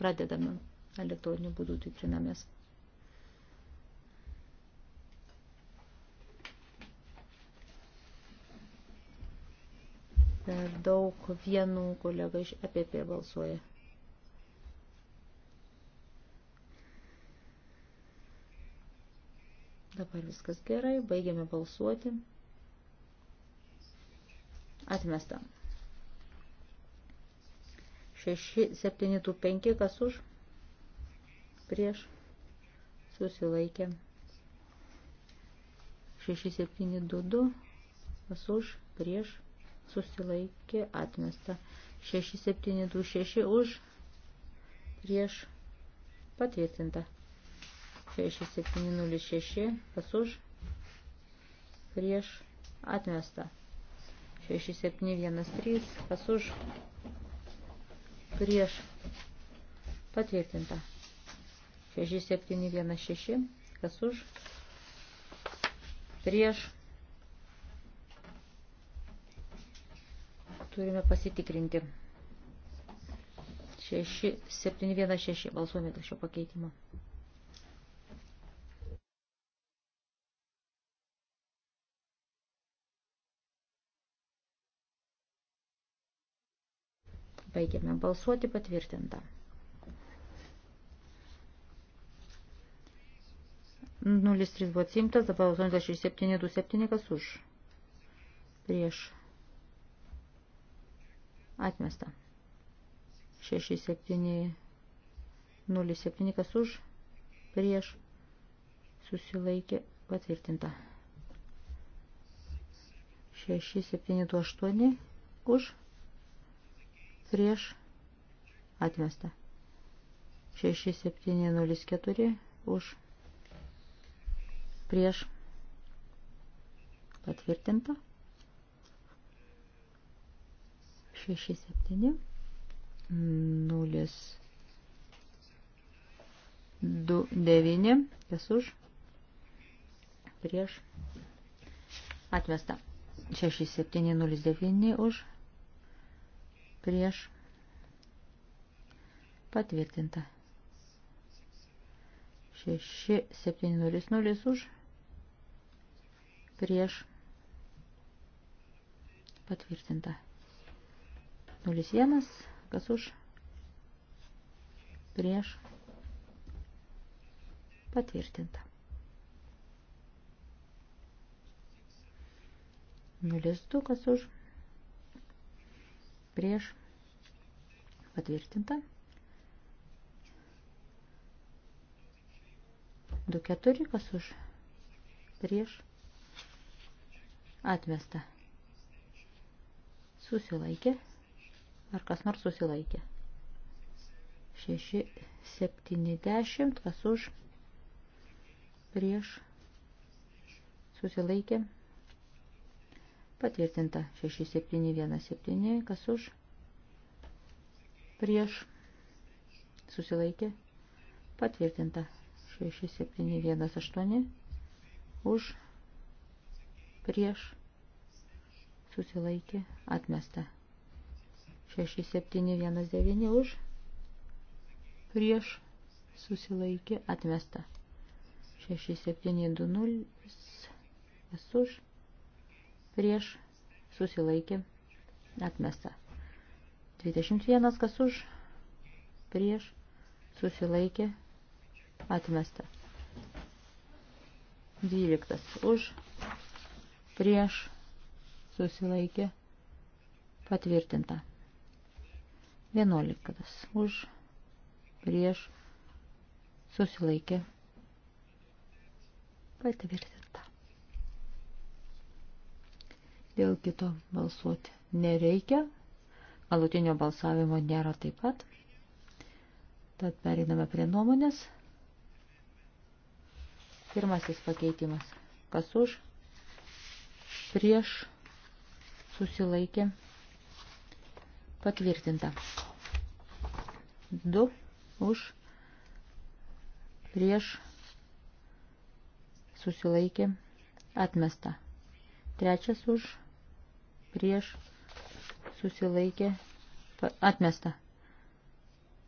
Pradedame elektroniniu būdu tikrinamės. Tai Per daug vienų kolega iš EPP balsuoja. Dabar viskas gerai, baigiame balsuoti. Atmesta. 6, 7, 2, 5, kas už, prieš, susilaikė. 6, 7, 2, 2, kas už, prieš, susilaikė atmesta. 6726 už prieš patvirtinta. 6706 pas už prieš atmesta. 6713 pas už prieš patvirtinta. 6716 kas už prieš atmesta Turime pasitikrinti. 6, 7, 1, 6. Balsuojame dėl šio pakeitimo. Baigiame balsuoti patvirtintą. Nulis 3 buvo atsimtas, dabar 87, 2, 7, kas už. Prieš. Atmesta. 6707, kas už, prieš, susilaikė, patvirtinta. 6728, už, prieš, atmesta. 6704, už, prieš, patvirtinta. 6708 6, 7, 0, 2, 9, kas už, prieš, atmesta, 6, 7, 0, 9, už, prieš, patvirtinta, 6, 7, 0, 0, už, prieš, patvirtinta. 01, kas už, prieš, patvirtinta. 02, kas už, prieš, patvirtinta. 24, kas už, prieš, atmesta. Susilaikė. 02. Ar kas nors susilaikė? 6, 70, kas už, prieš, susilaikė, patvirtinta, 6, 7, 1, 7, kas už, prieš, susilaikė, patvirtinta, 6, 7, 1, 8, už, prieš, susilaikė, atmesta. 6719 už, prieš susilaikė atmesta. 6720 kas už, prieš susilaikė atmesta. 21 kas už, prieš susilaikė atmesta. 12 už, prieš susilaikė patvirtinta. Vienuoliktas už prieš susilaikė patvirtinta. Dėl kito balsuoti nereikia. Galutinio balsavimo nėra taip pat. Tad pereiname prie nuomonės. Pirmasis pakeitimas. Kas už? Prieš susilaikė patvirtinta. 2 už prieš susilaikė atmesta. Trečias už prieš susilaikė atmesta.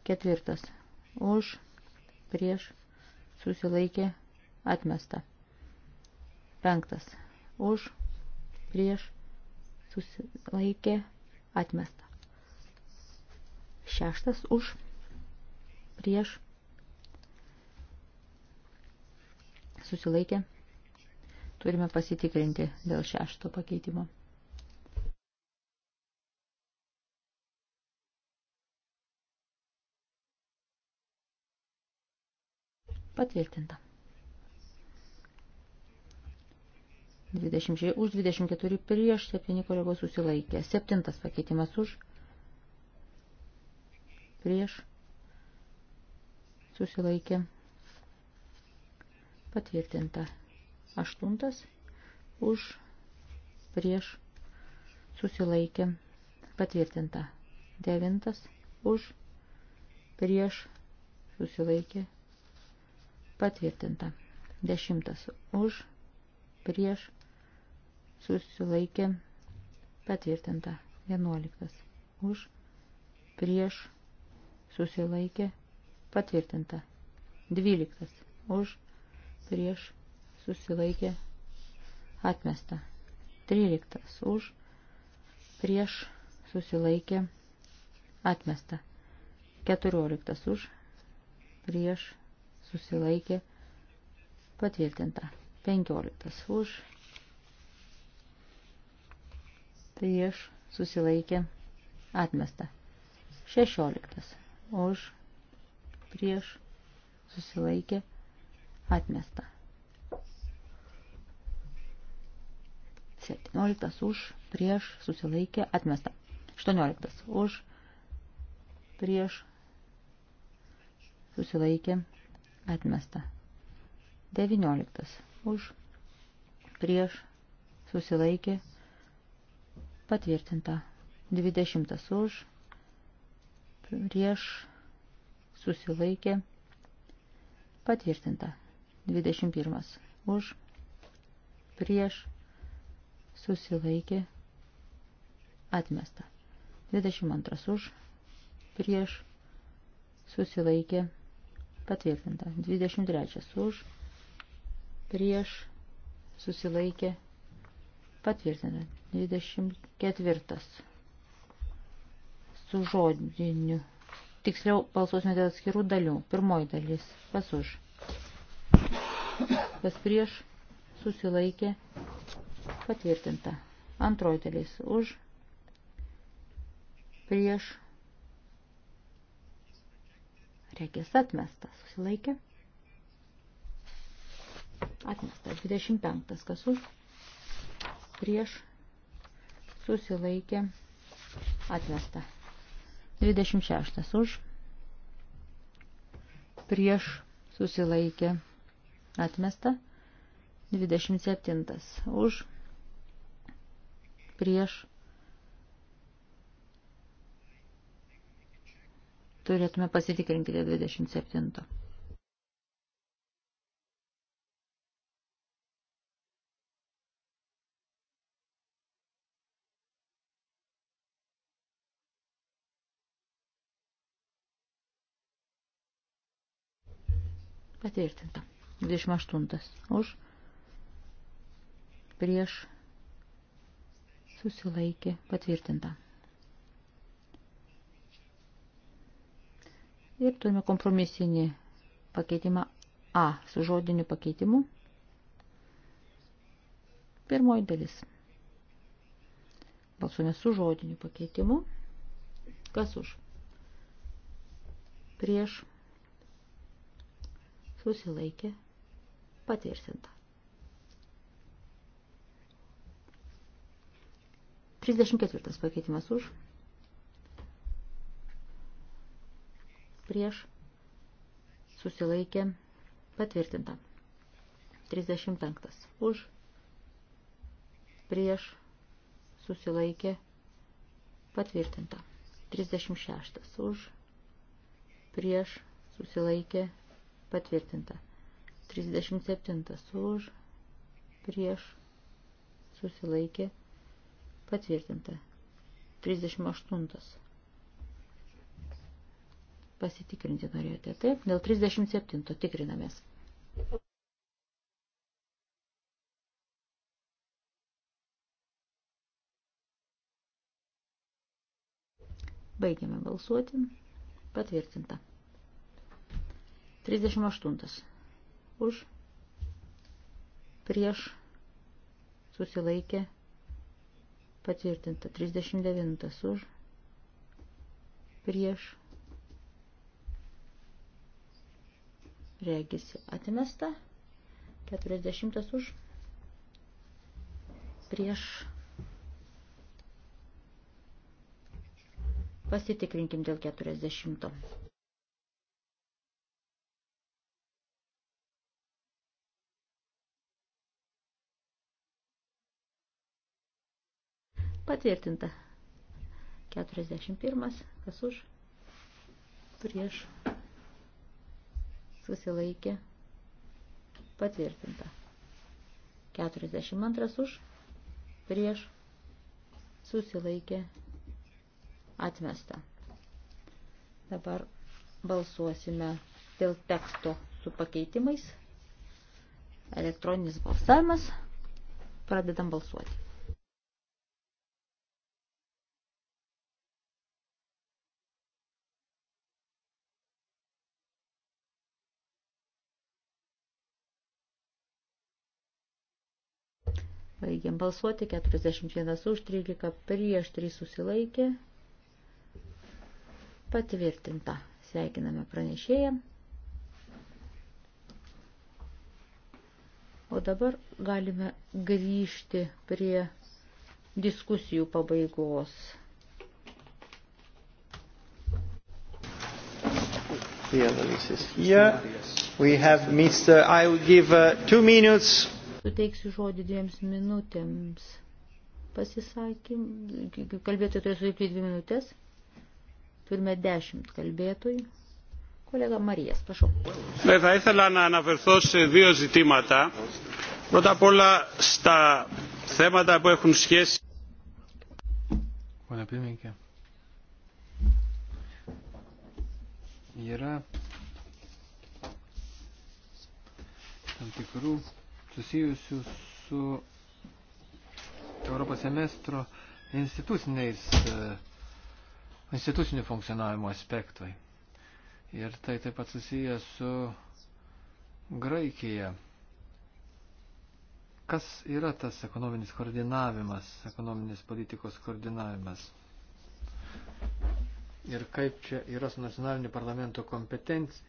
Ketvirtas už prieš susilaikė atmesta. Penktas už prieš susilaikė atmesta. Šeštas už prieš, susilaikė. Turime pasitikrinti dėl šešto pakeitimo. Patvirtinta. 20, už 24 prieš 7 kolegos susilaikė. Septintas pakeitimas už prieš susilaikė patvirtinta. Aštuntas už prieš susilaikė patvirtinta. Devintas už prieš susilaikė patvirtinta. Dešimtas už prieš susilaikė patvirtinta. Vienuoliktas už prieš susilaikė patvirtinta Patvirtinta. 12. Už, prieš, susilaikė, atmesta. 13. Už, prieš, susilaikė, atmesta. 14. Už, prieš, susilaikė, patvirtinta. 15. Už, prieš, susilaikė, atmesta. 16. Už, prieš susilaikė atmesta. 17 už prieš susilaikė atmesta. 18 už prieš susilaikė atmesta. 19 už prieš susilaikė patvirtinta. 20 už prieš susilaikė, patvirtinta. 21. Už, prieš, susilaikė, atmesta. 22. Už, prieš, susilaikė, patvirtinta. 23. Už, prieš, susilaikė, patvirtinta. 24. Su žodiniu Tiksliau balsuosime dėl atskirų dalių. Pirmoji dalis. Kas už? Kas prieš? Susilaikė. Patvirtinta. Antroji dalis. Už. Prieš. Reikės atmesta. Susilaikė. Atmesta. 25. Kas už? Prieš. Susilaikė. Atmesta. 26 už, prieš susilaikė atmesta, 27 už, prieš turėtume pasitikrinti dėl 27. Patvirtinta. 28. Už. Prieš. Susilaikė. Patvirtinta. Ir turime kompromisinį pakeitimą A su žodiniu pakeitimu. Pirmoji dalis. Balsuome su žodiniu pakeitimu. Kas už? Prieš susilaikė, patvirtinta. 34 pakeitimas už, prieš, susilaikė, patvirtinta. 35 už, prieš, susilaikė, patvirtinta. 36 už, prieš, susilaikė, patvirtinta. 37 už, prieš, susilaikė, patvirtinta. 38. Pasitikrinti norėjote, taip? Dėl 37 tikrinamės. Baigiame balsuoti. Patvirtinta. 38. Už. Prieš. Susilaikė. Patvirtinta. 39. Už. Prieš. Regisi. Atmesta. 40. Už. Prieš. Pasitikrinkim dėl 40. Patvirtinta. 41. Kas už? Prieš. Susilaikė. Patvirtinta. 42 už. Prieš. Susilaikė. Atmesta. Dabar balsuosime dėl teksto su pakeitimais. Elektroninis balsavimas. Pradedam balsuoti. Baigiam balsuoti 41 už 13 prieš 3 susilaikė. Patvirtinta. Sveikiname pranešėją. O dabar galime grįžti prie diskusijų pabaigos. The analysis here. We have Mr. I will give uh, two minutes suteiksiu žodį dviems minutėms. Pasisakym, kalbėtojai turi suteikti dvi minutės. Turime dešimt kalbėtojų. Kolega Marijas, prašau. Ναι, θα ήθελα να αναφερθώ σε δύο ζητήματα. Πρώτα απ' όλα στα θέματα που έχουν σχέση. Pone pirmininkė, yra tam tikrų susijusių su Europos semestro instituciniais, e, institucinių funkcionavimo aspektai. Ir tai taip pat susiję su Graikija. Kas yra tas ekonominis koordinavimas, ekonominis politikos koordinavimas? Ir kaip čia yra su nacionaliniu parlamentu kompetencija,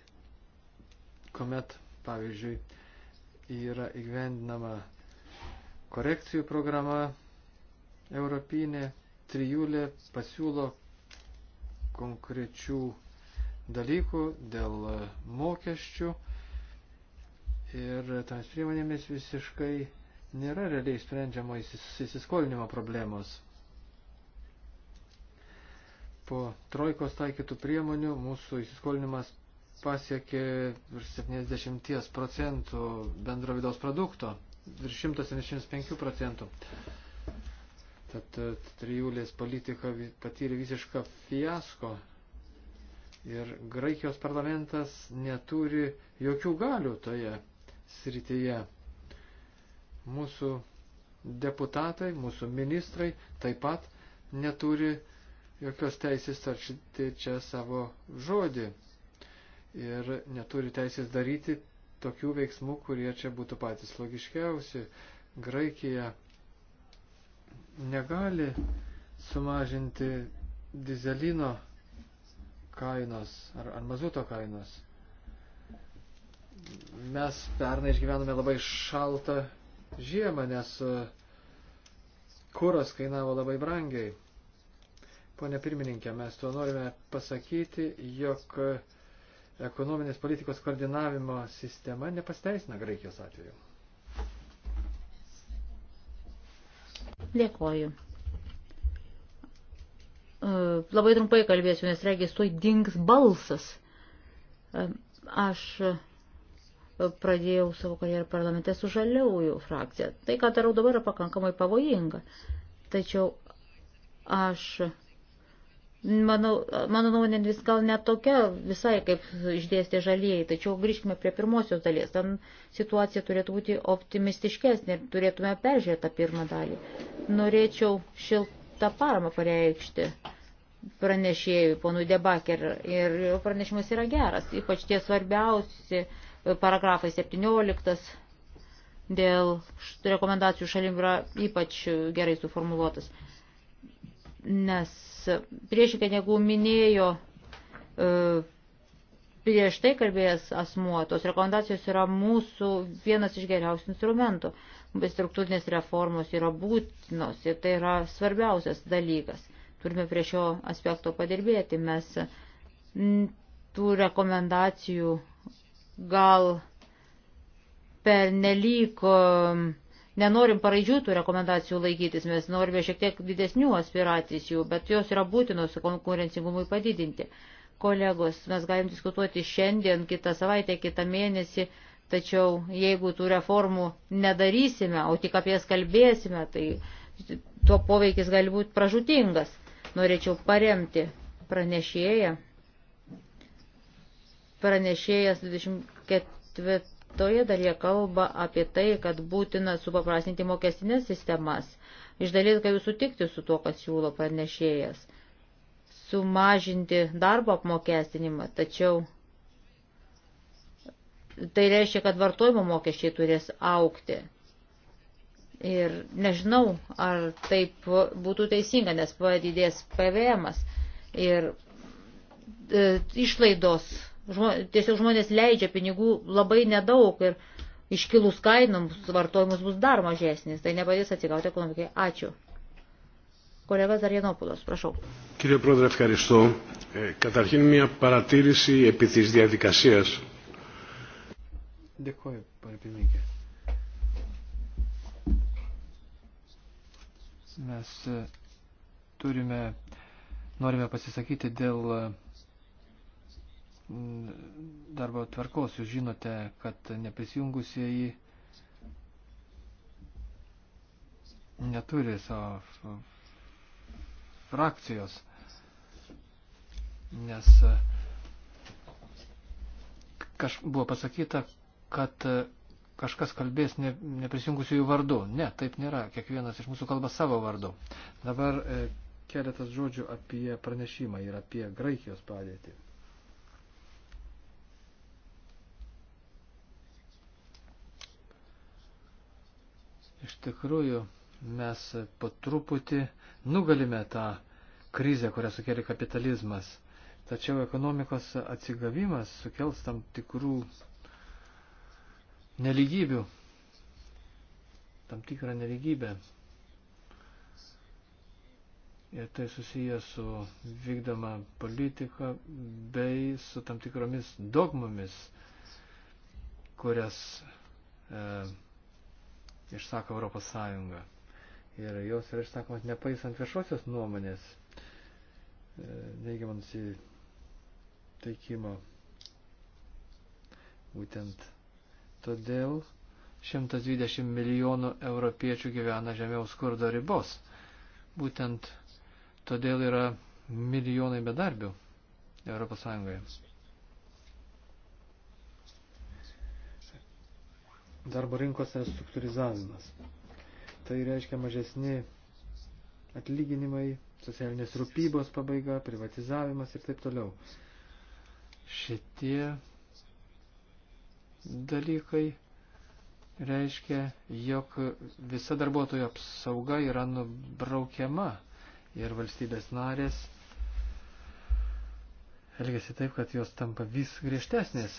kuomet, pavyzdžiui, yra įgyvendinama korekcijų programa europinė, trijulė pasiūlo konkrečių dalykų dėl mokesčių ir tomis priemonėmis visiškai nėra realiai sprendžiamo įsiskolinimo problemos. Po trojkos taikytų priemonių mūsų įsiskolinimas pasiekė virš 70 procentų bendro vidaus produkto, virš 175 procentų. Tad e, trijulės politika patyrė visišką fiasko ir Graikijos parlamentas neturi jokių galių toje srityje. Mūsų deputatai, mūsų ministrai taip pat neturi jokios teisės taršyti čia savo žodį ir neturi teisės daryti tokių veiksmų, kurie čia būtų patys logiškiausi. Graikija negali sumažinti dizelino kainos ar, ar mazuto kainos. Mes pernai išgyvenome labai šaltą žiemą, nes e, kuras kainavo labai brangiai. Pone pirmininkė, mes tuo norime pasakyti, jog uh, ekonominės politikos koordinavimo sistema nepasteisina Graikijos atveju. Dėkoju. E, labai trumpai kalbėsiu, nes regis tuoj dings balsas. E, aš pradėjau savo karjerą parlamente su žaliaujų frakcija. Tai, ką darau dabar, yra pakankamai pavojinga. Tačiau aš Manau, mano nuomonė vis gal netokia visai kaip išdėstė žalieji, tačiau grįžkime prie pirmosios dalies. Ten situacija turėtų būti optimistiškesnė ir turėtume peržiūrėti tą pirmą dalį. Norėčiau šiltą paramą pareikšti pranešėjui, ponui Debaker, ir jo pranešimas yra geras, ypač tie svarbiausi paragrafai 17 dėl rekomendacijų šalim yra ypač gerai suformuluotas nes priešingai negu minėjo e, prieš tai kalbėjęs asmuo, tos rekomendacijos yra mūsų vienas iš geriausių instrumentų, bet struktūrinės reformos yra būtinos ir tai yra svarbiausias dalykas. Turime prie šio aspekto padirbėti, mes tų rekomendacijų gal per nelik e, nenorim paraidžių tų rekomendacijų laikytis, mes norime šiek tiek didesnių aspiracijų, bet jos yra būtinos konkurencingumui padidinti. Kolegos, mes galim diskutuoti šiandien, kitą savaitę, kitą mėnesį, tačiau jeigu tų reformų nedarysime, o tik apie jas kalbėsime, tai to poveikis gali būti pražutingas. Norėčiau paremti pranešėją. Pranešėjas 24 Toje dalyje kalba apie tai, kad būtina supaprastinti mokestinės sistemas. Iš dalies galiu sutikti su tuo, kas siūlo pranešėjas. Sumažinti darbo apmokestinimą, tačiau tai reiškia, kad vartojimo mokesčiai turės aukti. Ir nežinau, ar taip būtų teisinga, nes padidės PVM ir e, išlaidos žmo, tiesiog žmonės leidžia pinigų labai nedaug ir iškilus kainoms vartojimas bus dar mažesnis. Tai nepadės atsigauti ekonomikai. Ačiū. Kolega Zarianopoulos, prašau. Κύριε Πρόεδρε, ευχαριστώ. Ε, καταρχήν μια παρατήρηση επί της διαδικασίας. Dėkuoju, pane pirmininkė. Mes turime, norime pasisakyti dėl Mm, darbo tvarkos. Jūs žinote, kad neprisijungusieji neturi savo frakcijos, nes e, kaž, buvo pasakyta, kad e, kažkas kalbės ne, neprisijungusiųjų vardu. Ne, taip nėra. Kiekvienas iš mūsų kalba savo vardu. Dabar e, keletas žodžių apie pranešimą ir apie Graikijos padėtį. Iš tikrųjų, mes po truputį nugalime tą krizę, kurią sukėlė kapitalizmas. Tačiau ekonomikos atsigavimas sukels tam tikrų neligybių, tam tikrą neligybę. Ir tai susiję su vykdoma politika bei su tam tikromis dogmomis, kurias e, išsako Europos Sąjunga. Ir jos yra išsakomas nepaisant viešosios nuomonės e, neigiamą nusiteikimą. Būtent todėl 120 milijonų europiečių gyvena žemiau skurdo ribos. Būtent todėl yra milijonai bedarbių Europos Sąjungoje. darbo rinkos restruktūrizavimas. Tai reiškia mažesni atlyginimai, socialinės rūpybos pabaiga, privatizavimas ir taip toliau. Šitie dalykai reiškia, jog visa darbuotojų apsauga yra nubraukiama ir valstybės narės elgesi taip, kad jos tampa vis griežtesnės.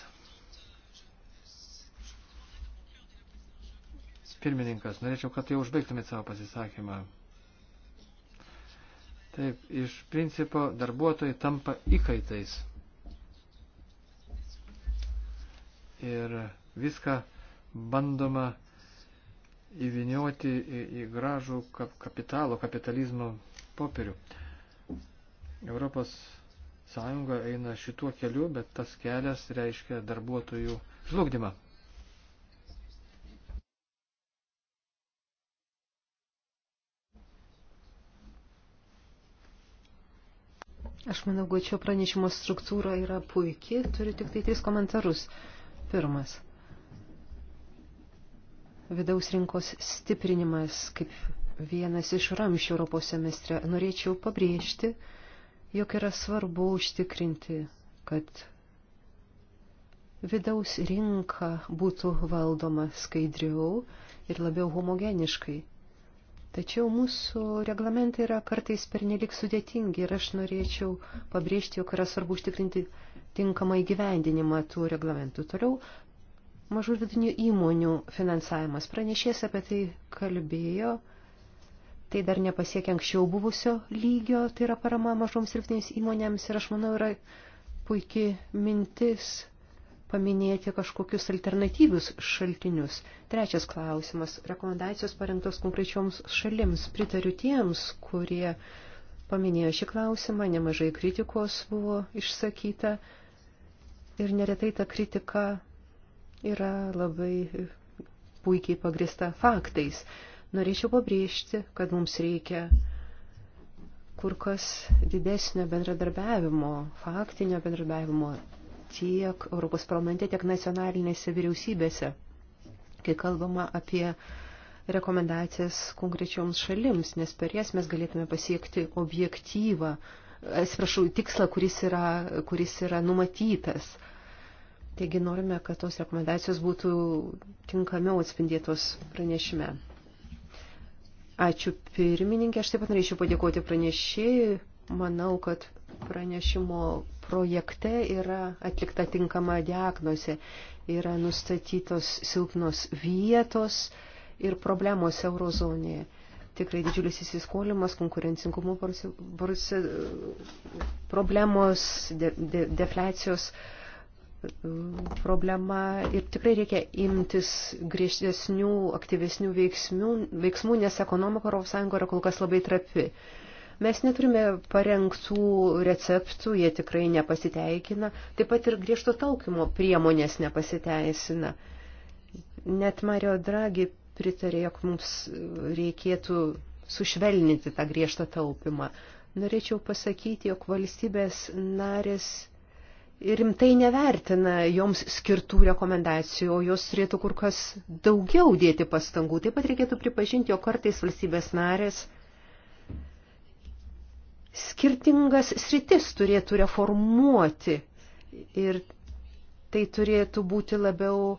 Pirmininkas, norėčiau, kad jau užbaigtumėt savo pasisakymą. Taip, iš principo darbuotojai tampa įkaitais. Ir viską bandoma įvinioti į, į gražų kap, kapitalo, kapitalizmo popierių. Europos Sąjunga eina šituo keliu, bet tas kelias reiškia darbuotojų žlugdymą. Aš manau, kad šio pranešimo struktūra yra puikiai, turiu tik tai tris komentarus. Pirmas. Vidaus rinkos stiprinimas kaip vienas iš ramščių Europos semestre. Norėčiau pabrėžti, jog yra svarbu užtikrinti, kad vidaus rinka būtų valdoma skaidriau ir labiau homogeniškai. Tačiau mūsų reglamentai yra kartais pernelik sudėtingi ir aš norėčiau pabrėžti, jog yra svarbu užtikrinti tinkamą įgyvendinimą tų reglamentų. Toliau mažų vidinių įmonių finansavimas. Pranešės apie tai kalbėjo. Tai dar nepasiekia anksčiau buvusio lygio, tai yra parama mažoms ir vidinėms įmonėms ir aš manau yra puikiai mintis paminėti kažkokius alternatyvius šaltinius. Trečias klausimas. Rekomendacijos parengtos konkrečioms šalims. Pritariu tiems, kurie paminėjo šį klausimą, nemažai kritikos buvo išsakyta ir neretai ta kritika yra labai puikiai pagrista faktais. Norėčiau pabrėžti, kad mums reikia kur kas didesnio bendradarbiavimo, faktinio bendradarbiavimo tiek Europos parlamente, tiek nacionalinėse vyriausybėse, kai kalbama apie rekomendacijas konkrečioms šalims, nes per jas mes galėtume pasiekti objektyvą, atsiprašau, tikslą, kuris yra, kuris yra numatytas. Taigi norime, kad tos rekomendacijos būtų tinkamiau atspindėtos pranešime. Ačiū pirmininkė, aš taip pat norėčiau padėkoti pranešėjui. Manau, kad pranešimo projekte yra atlikta tinkama diagnozė, yra nustatytos silpnos vietos ir problemos eurozonėje. Tikrai didžiulis įsiskolimas, konkurencingumo problemos, de, de, deflecijos e, problema ir tikrai reikia imtis griežtesnių, aktyvesnių veiksmų, veiksmų nes ekonomika Europos Sąjungoje yra kol kas labai trapi. Uh, Mes neturime parengtų receptų, jie tikrai nepasiteikina, taip pat ir griežto taukimo priemonės nepasiteisina. Net Mario Draghi pritarė, jog mums reikėtų sušvelninti tą griežtą taupimą. Norėčiau pasakyti, jog valstybės narės rimtai nevertina joms skirtų rekomendacijų, o jos turėtų kur kas daugiau dėti pastangų. Taip pat reikėtų pripažinti, jog kartais valstybės narės skirtingas sritis turėtų reformuoti ir tai turėtų būti labiau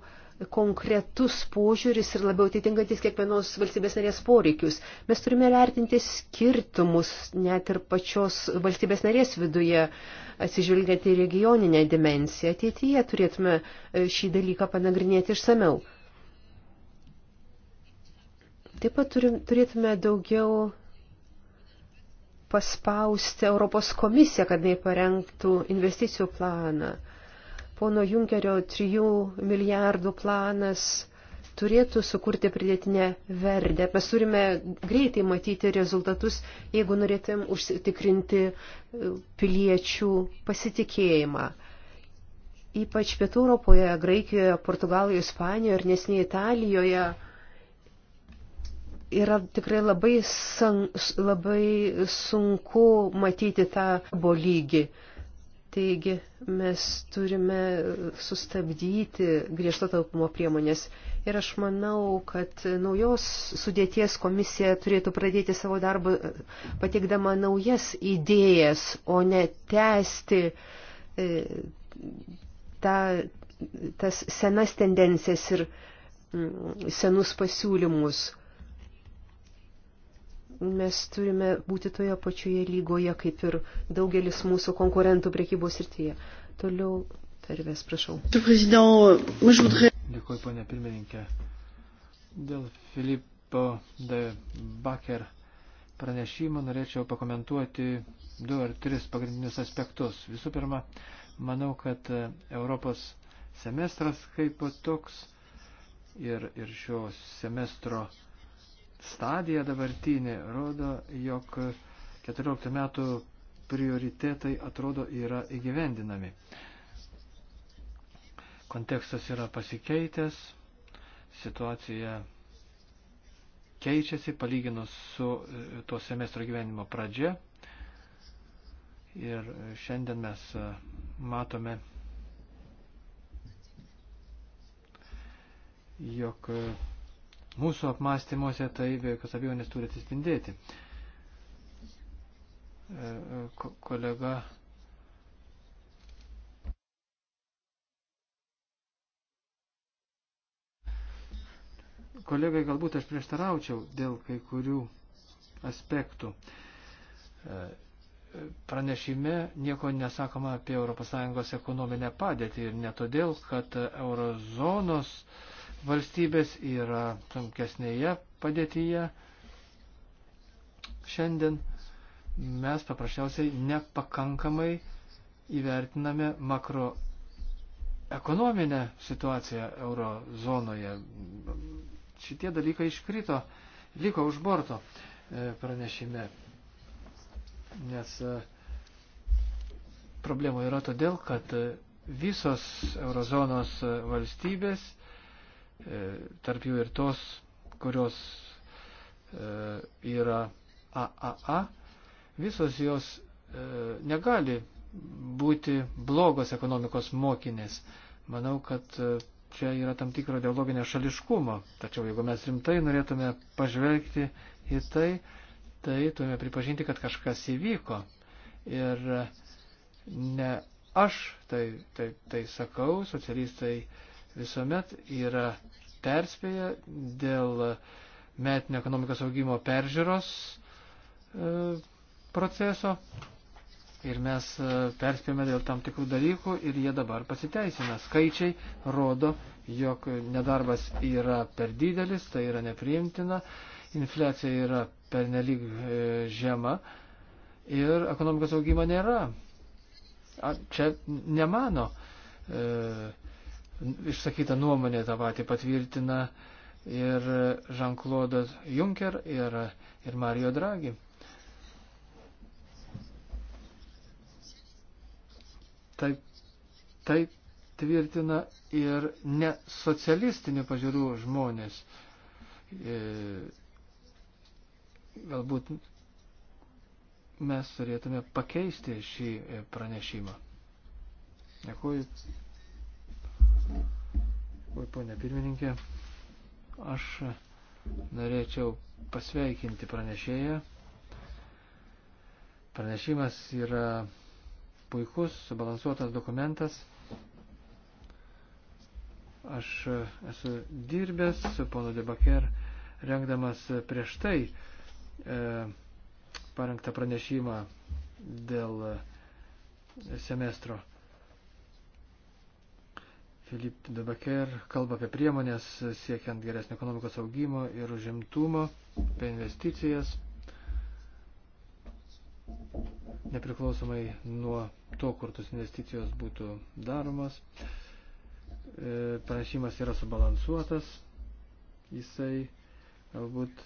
konkretus požiūris ir labiau atitinkantis kiekvienos valstybės narės poreikius. Mes turime vertinti skirtumus net ir pačios valstybės narės viduje, atsižvelgiant į regioninę dimensiją. Ateityje turėtume e, šį dalyką panagrinėti išsameu. Taip pat turim, turėtume daugiau paspausti Europos komisiją, kad jie parengtų investicijų planą. Pono Junkerio 3 milijardų planas turėtų sukurti pridėtinę verdę. Mes turime greitai matyti rezultatus, jeigu norėtum užsitikrinti e, piliečių pasitikėjimą. Ypač Pietų Europoje, Graikijoje, Portugalijoje, Ispanijoje ir nesnei Italijoje yra tikrai labai, san, labai sunku matyti tą bo lygį. Taigi mes turime sustabdyti griežto taupimo priemonės. Ir aš manau, kad naujos sudėties komisija turėtų pradėti savo darbą pateikdama naujas idėjas, o ne tęsti e, ta, tas senas tendencijas ir m, senus pasiūlymus mes turime būti toje pačioje lygoje, kaip ir daugelis mūsų konkurentų priekybos srityje. Toliau pervės, prašau. Dėkuoju, ponė pirmininkė. Dėl Filipo de Baker pranešimo norėčiau pakomentuoti du ar tris pagrindinius aspektus. Visų pirma, manau, kad e, Europos semestras kaip toks ir, ir šio semestro uh, stadija dabartinė rodo, jog 14 metų prioritetai atrodo yra įgyvendinami. Kontekstas yra pasikeitęs, situacija keičiasi palyginus su e, to semestro gyvenimo pradžia. Ir šiandien mes e, matome, jog e, mūsų apmąstymuose tai be jokios abejonės turi atsispindėti. E, e, ko kolega kolegai galbūt aš prieštaraučiau dėl kai kurių aspektų. E, pranešime nieko nesakoma apie ES ekonominę padėtį ir ne todėl, kad eurozonos uh, valstybės yra sunkesnėje padėtyje. Šiandien mes paprasčiausiai nepakankamai įvertiname makroekonominę situaciją eurozonoje. Šitie dalykai iškrito, liko už borto e, pranešime. Nes e, problema yra todėl, kad e, visos eurozonos valstybės E, tarp jų ir tos, kurios e, yra AAA, visos jos e, negali būti blogos ekonomikos mokinės. Manau, kad čia yra tam tikro ideologinio šališkumo. Tačiau jeigu mes rimtai norėtume pažvelgti į tai, tai turime pripažinti, kad kažkas įvyko. Ir ne aš tai, tai, tai sakau, socialistai visuomet yra perspėję dėl metinio ekonomikos augimo peržiūros e, proceso ir mes e, perspėjome dėl tam tikrų dalykų ir jie dabar pasiteisina. Skaičiai rodo, jog nedarbas yra per didelis, tai yra nepriimtina, infliacija yra pernelyg e, žema ir ekonomikos augimo nėra. Čia nemano. E, išsakytą nuomonę tą patį patvirtina ir Jean-Claude Juncker ir, ir Mario Draghi. Tai, tai tvirtina ir nesocialistinių pažiūrų žmonės. E, galbūt mes turėtume pakeisti šį pranešimą. Dėkuoju. Oi, ponė pirmininkė, aš norėčiau pasveikinti pranešėją. Pranešimas yra puikus, subalansuotas dokumentas. Aš esu dirbęs su pono Debaker, rengdamas prieš tai e, parengtą pranešimą dėl semestro. E, Filip Debeker kalba apie priemonės siekiant geresnio ekonomikos augimo ir užimtumo, apie investicijas, nepriklausomai nuo to, kur tos investicijos būtų daromas. E, pranešimas yra subalansuotas, jisai galbūt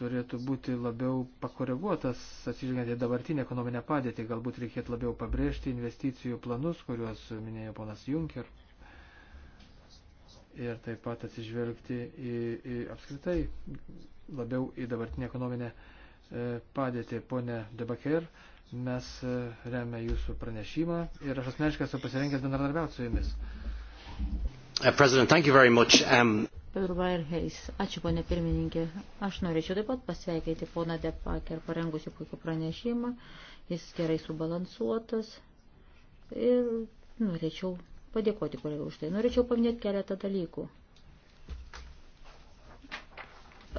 turėtų būti labiau pakoreguotas, atsižvelgiant į dabartinę ekonominę padėtį, galbūt reikėtų labiau pabrėžti investicijų planus, kuriuos minėjo ponas Junker ir taip pat atsižvelgti į, į apskritai labiau į dabartinę ekonominę e, padėtį. Pone Debaker, mes e, remia jūsų pranešimą ir aš asmeniškai esu pasirengęs bendradarbiauti su jumis. Uh, President, thank you very much. Um... Urbair Heis. Ačiū, ponė pirmininkė. Aš norėčiau taip pat pasveikinti poną Depaker, parengusiu puikų pranešimą. Jis gerai subalansuotas. Ir norėčiau padėkoti kolegai už tai. Norėčiau paminėti keletą dalykų.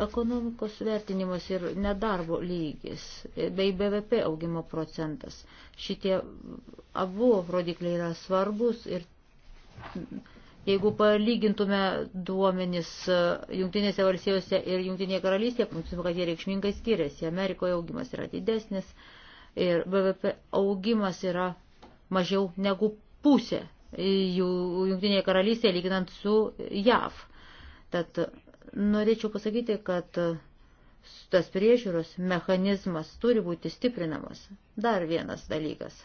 Ekonomikos vertinimas ir nedarbo lygis bei BVP augimo procentas. Šitie abu rodikliai yra svarbus ir jeigu palygintume duomenis Junktinėse valstijose ir Junktinėje karalystėje, pamatysime, kad jie reikšmingai skiriasi. Amerikoje augimas yra didesnis ir BVP augimas yra mažiau negu pusė jų jungtinėje karalystėje lyginant su JAV. Tad norėčiau pasakyti, kad tas priežiūros mechanizmas turi būti stiprinamas. Dar vienas dalykas.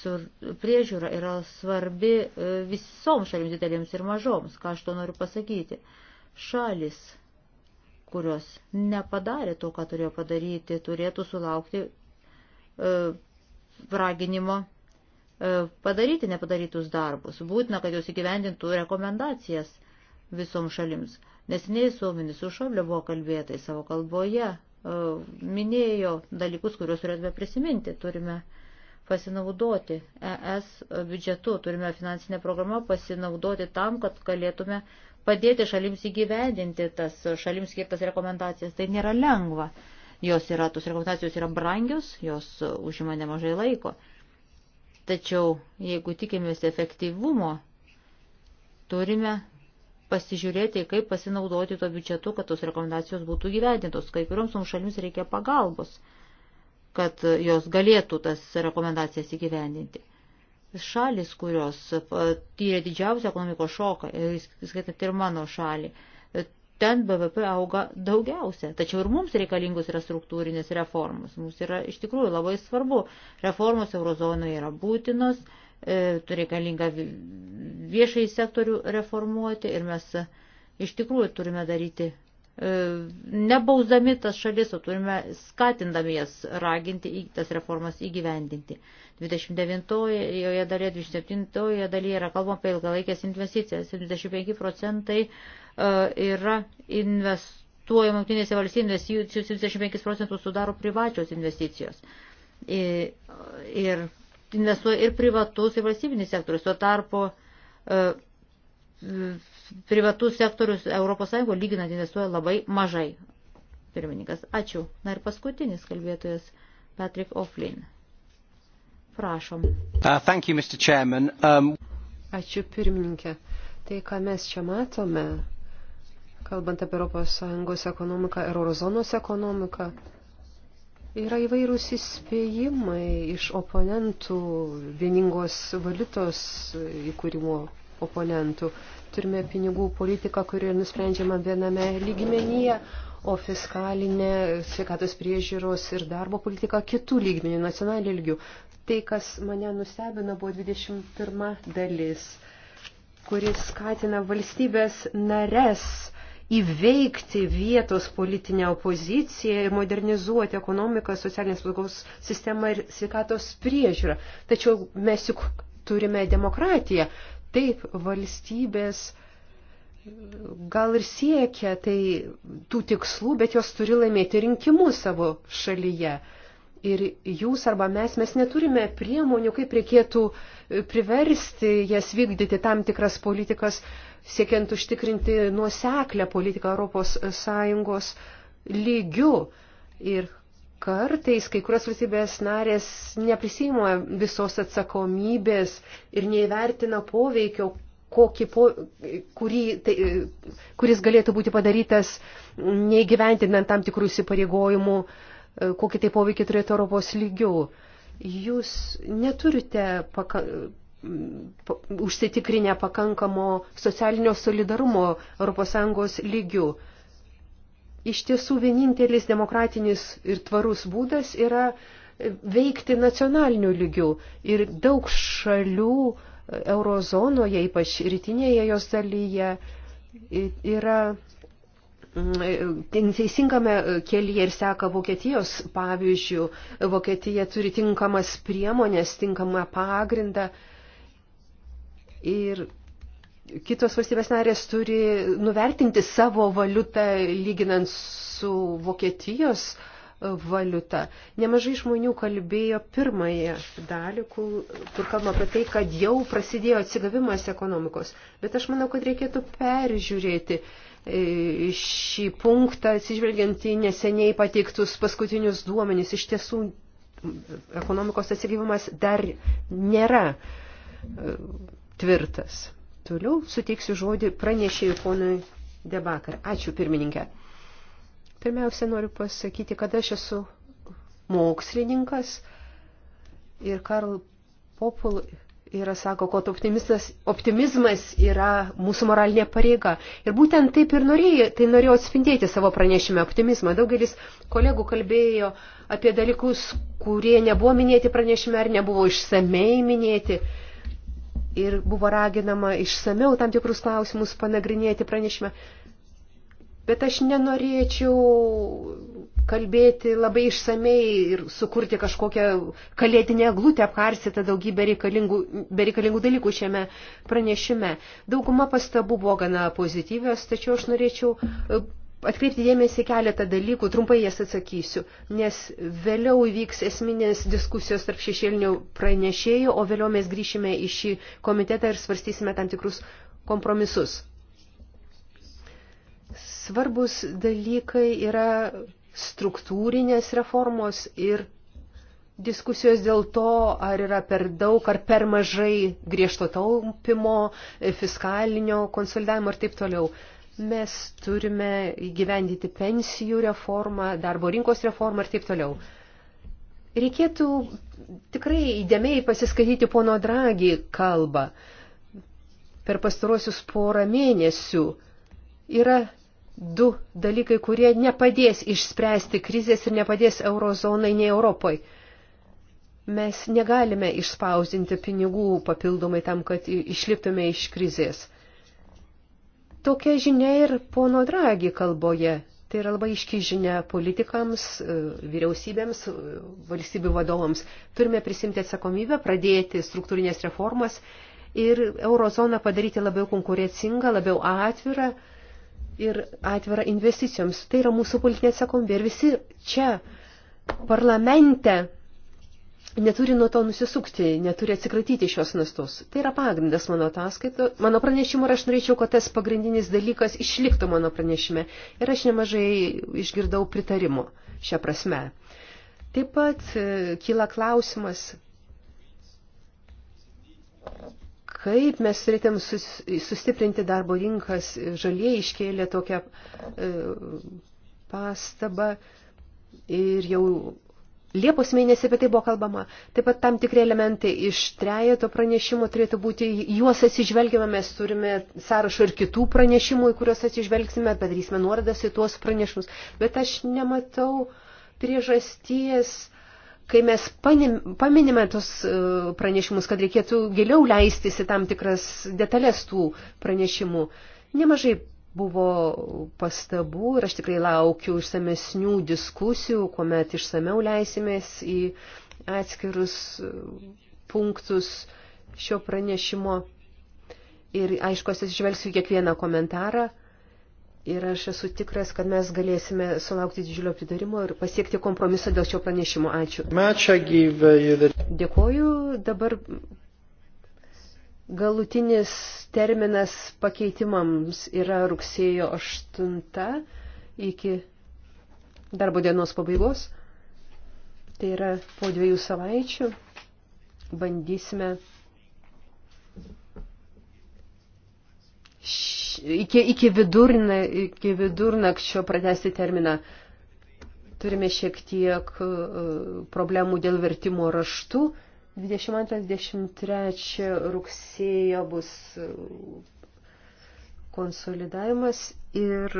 Sur, priežiūra yra svarbi e, visoms šalims didelėms ir mažoms, ką aš to noriu pasakyti. Šalis, kurios nepadarė to, ką turėjo padaryti, turėtų sulaukti e, raginimo E, padaryti nepadarytus darbus. Būtina, kad jos įgyvendintų rekomendacijas visoms šalims. Nesiniai su ministru Šoblio buvo kalbėtai savo kalboje, e, minėjo dalykus, kuriuos turėtume prisiminti. Turime pasinaudoti ES biudžetu, turime finansinę programą pasinaudoti tam, kad galėtume padėti šalims įgyvendinti tas šalims skirtas rekomendacijas. Tai nėra lengva. Jos yra, tos rekomendacijos yra brangios, jos užima nemažai laiko. Tačiau, jeigu tikimės efektyvumo, turime pasižiūrėti, kaip pasinaudoti to biudžetu, kad tos rekomendacijos būtų gyvendintos. Kai kurioms mums šalims reikia pagalbos, kad jos galėtų tas rekomendacijas įgyvendinti. Šalis, kurios e, tyrė didžiausią ekonomikos šoką, e, skaitant ir mano šalį, ten BVP auga daugiausia. Tačiau ir mums reikalingus yra struktūrinės reformos. Mums yra iš tikrųjų labai svarbu. Reformos eurozonoje yra būtinos, e, reikalinga viešai sektorių reformuoti ir mes e, iš tikrųjų turime daryti E, nebausdami tas šalis, o turime skatindami jas raginti į tas reformas įgyvendinti. 29 dalyje, 27 dalyje yra kalbama apie ilgalaikės investicijas. 25 procentai e, yra investuojama jungtinėse valstybėse, 75 procentų sudaro privačios investicijos. Ir, e, ir investuoja ir privatus, ir valstybinis sektorius. Tuo tarpu privatus sektorius ES lyginant investuoja labai mažai. Pirmininkas, ačiū. Na ir paskutinis kalbėtojas Patrick Oflin. Prašom. Uh, thank you, Mr. Chairman. Um... Ačiū pirmininkė. Tai, ką mes čia matome, kalbant apie ES ekonomiką ir eurozonos ekonomiką, yra įvairūs įspėjimai iš oponentų vieningos valiutos įkūrimo oponentų. Turime pinigų politiką, kuri nusprendžiama viename lygmenyje, o fiskalinė sveikatos priežiūros ir darbo politika kitų lygmenių, nacionalinių lygių. Tai, kas mane nustebino, buvo 21 dalis, kuris skatina valstybės nares įveikti vietos politinę opoziciją ir modernizuoti ekonomiką, socialinės apsaugos sistemą ir sveikatos priežiūrą. Tačiau mes juk turime demokratiją, Taip, valstybės gal ir siekia tai tų tikslų, bet jos turi laimėti rinkimus savo šalyje. Ir jūs arba mes, mes neturime priemonių, kaip reikėtų priversti jas vykdyti tam tikras politikas, siekiant užtikrinti nuoseklę politiką Europos Sąjungos lygių. Ir kartais kai kurios valstybės narės neprisima visos atsakomybės ir neįvertina poveikio, kokį po, kurį, tai, kuris galėtų būti padarytas neįgyventinant tam tikrų įsipareigojimų, e, kokį tai poveikį turėtų Europos lygių. Jūs neturite paka, pa, užsitikrinę pakankamo socialinio solidarumo ES lygių. Iš tiesų vienintelis demokratinis ir tvarus būdas yra veikti nacionaliniu lygiu ir daug šalių e, eurozonoje, ypač rytinėje jos dalyje, yra e, teisingame e, kelyje ir seka Vokietijos pavyzdžių. Vokietija turi tinkamas priemonės, tinkamą pagrindą. Ir kitos valstybės narės turi nuvertinti savo valiutą lyginant su Vokietijos e, valiuta. Nemažai žmonių kalbėjo pirmąją dalį, kur, kur kalbama apie tai, kad jau prasidėjo atsigavimas ekonomikos. Bet aš manau, kad reikėtų peržiūrėti e, šį punktą, atsižvelgiant į neseniai pateiktus paskutinius duomenys. Iš tiesų, ekonomikos atsigavimas dar nėra e, tvirtas. Toliau suteiksiu žodį pranešėjų ponui Debakar. Ačiū, pirmininkė. Pirmiausia, noriu pasakyti, kad aš esu mokslininkas ir Karl Popul yra, sako, kad optimizmas yra mūsų moralinė pareiga. Ir būtent taip ir norėjau, tai norėjau atspindėti savo pranešime optimizmą. Daugelis kolegų kalbėjo apie dalykus, kurie nebuvo minėti pranešime ar nebuvo išsamei minėti. Uh, ir buvo raginama išsameu tam tikrus klausimus panagrinėti pranešime. Bet aš nenorėčiau kalbėti labai išsamei ir sukurti kažkokią kalėdinę glūtę apkarsytą daugybę reikalingų, bereikalingų dalykų šiame pranešime. Dauguma pastabų buvo gana pozityvios, tačiau aš norėčiau atkreipti dėmesį keletą dalykų, trumpai jas atsakysiu, nes vėliau įvyks esminės diskusijos tarp šešėlinių pranešėjų, o vėliau mes grįšime į šį komitetą ir svarstysime tam tikrus kompromisus. Svarbus dalykai yra struktūrinės reformos ir diskusijos dėl to, ar yra per daug ar per mažai griežto taupimo, fiskalinio konsolidavimo ir taip toliau mes turime įgyvendyti pensijų reformą, darbo rinkos reformą ir taip toliau. Reikėtų tikrai įdėmiai pasiskaityti pono Dragi kalbą. Per pastarosius porą mėnesių yra du dalykai, kurie nepadės išspręsti krizės ir nepadės eurozonai nei Europoje mes negalime išspausdinti pinigų papildomai tam, kad išliptume iš krizės. Tokia žinia ir pono Dragi kalboje. Tai yra labai iški žinia politikams, e, vyriausybėms, e, valstybių vadovams. Turime prisimti atsakomybę, pradėti struktūrinės reformas ir eurozoną padaryti labiau konkurencingą, labiau atvirą ir atvirą investicijoms. Tai yra mūsų politinė atsakomybė. Ir visi čia parlamente neturi nuo to nusisukti, neturi atsikratyti šios nastos. Tai yra pagrindas mano ataskaito, mano pranešimo ir aš norėčiau, kad tas pagrindinis dalykas išliktų mano pranešime. Ir aš nemažai išgirdau pritarimo šią prasme. Taip pat e, kyla klausimas, kaip mes turėtėm sus, sustiprinti darbo rinkas, žaliai iškėlė tokią e, pastabą ir jau Liepos mėnesį apie tai buvo kalbama. Taip pat tam tikri elementai iš trejeto pranešimo turėtų būti, juos atsižvelgiame, mes turime sąrašą ir kitų pranešimų, į kuriuos atsižvelgsime, padarysime nuorodas į tuos pranešimus. Bet aš nematau priežasties, kai mes paminime tos e, pranešimus, kad reikėtų giliau leistis į tam tikras detalės tų pranešimų. Nemažai Buvo pastabų ir aš tikrai laukiu išsamesnių diskusijų, kuomet išsameu leisimės į atskirus punktus šio pranešimo. Ir aišku, aš atsižvelgsiu kiekvieną komentarą. Ir aš esu tikras, kad mes galėsime sulaukti didžiulio pritarimo ir pasiekti kompromisą dėl šio pranešimo. Ačiū. Uh, Dėkoju. Dabar Galutinis terminas pakeitimams yra rugsėjo 8 iki darbo dienos pabaigos. Tai yra po dviejų savaičių. Bandysime š... iki, iki, vidurna, iki vidurnakčio pratesti terminą. Turime šiek tiek e, problemų dėl vertimo raštų 22-23 rugsėjo bus konsolidavimas ir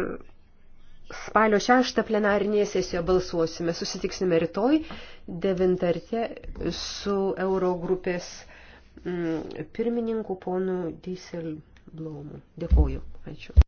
spalio 6 plenarinėje sesijoje balsuosime. Susitiksime rytoj 9 su Eurogrupės mm, pirmininku ponu Dieselblomu. Dėkoju. Ačiū.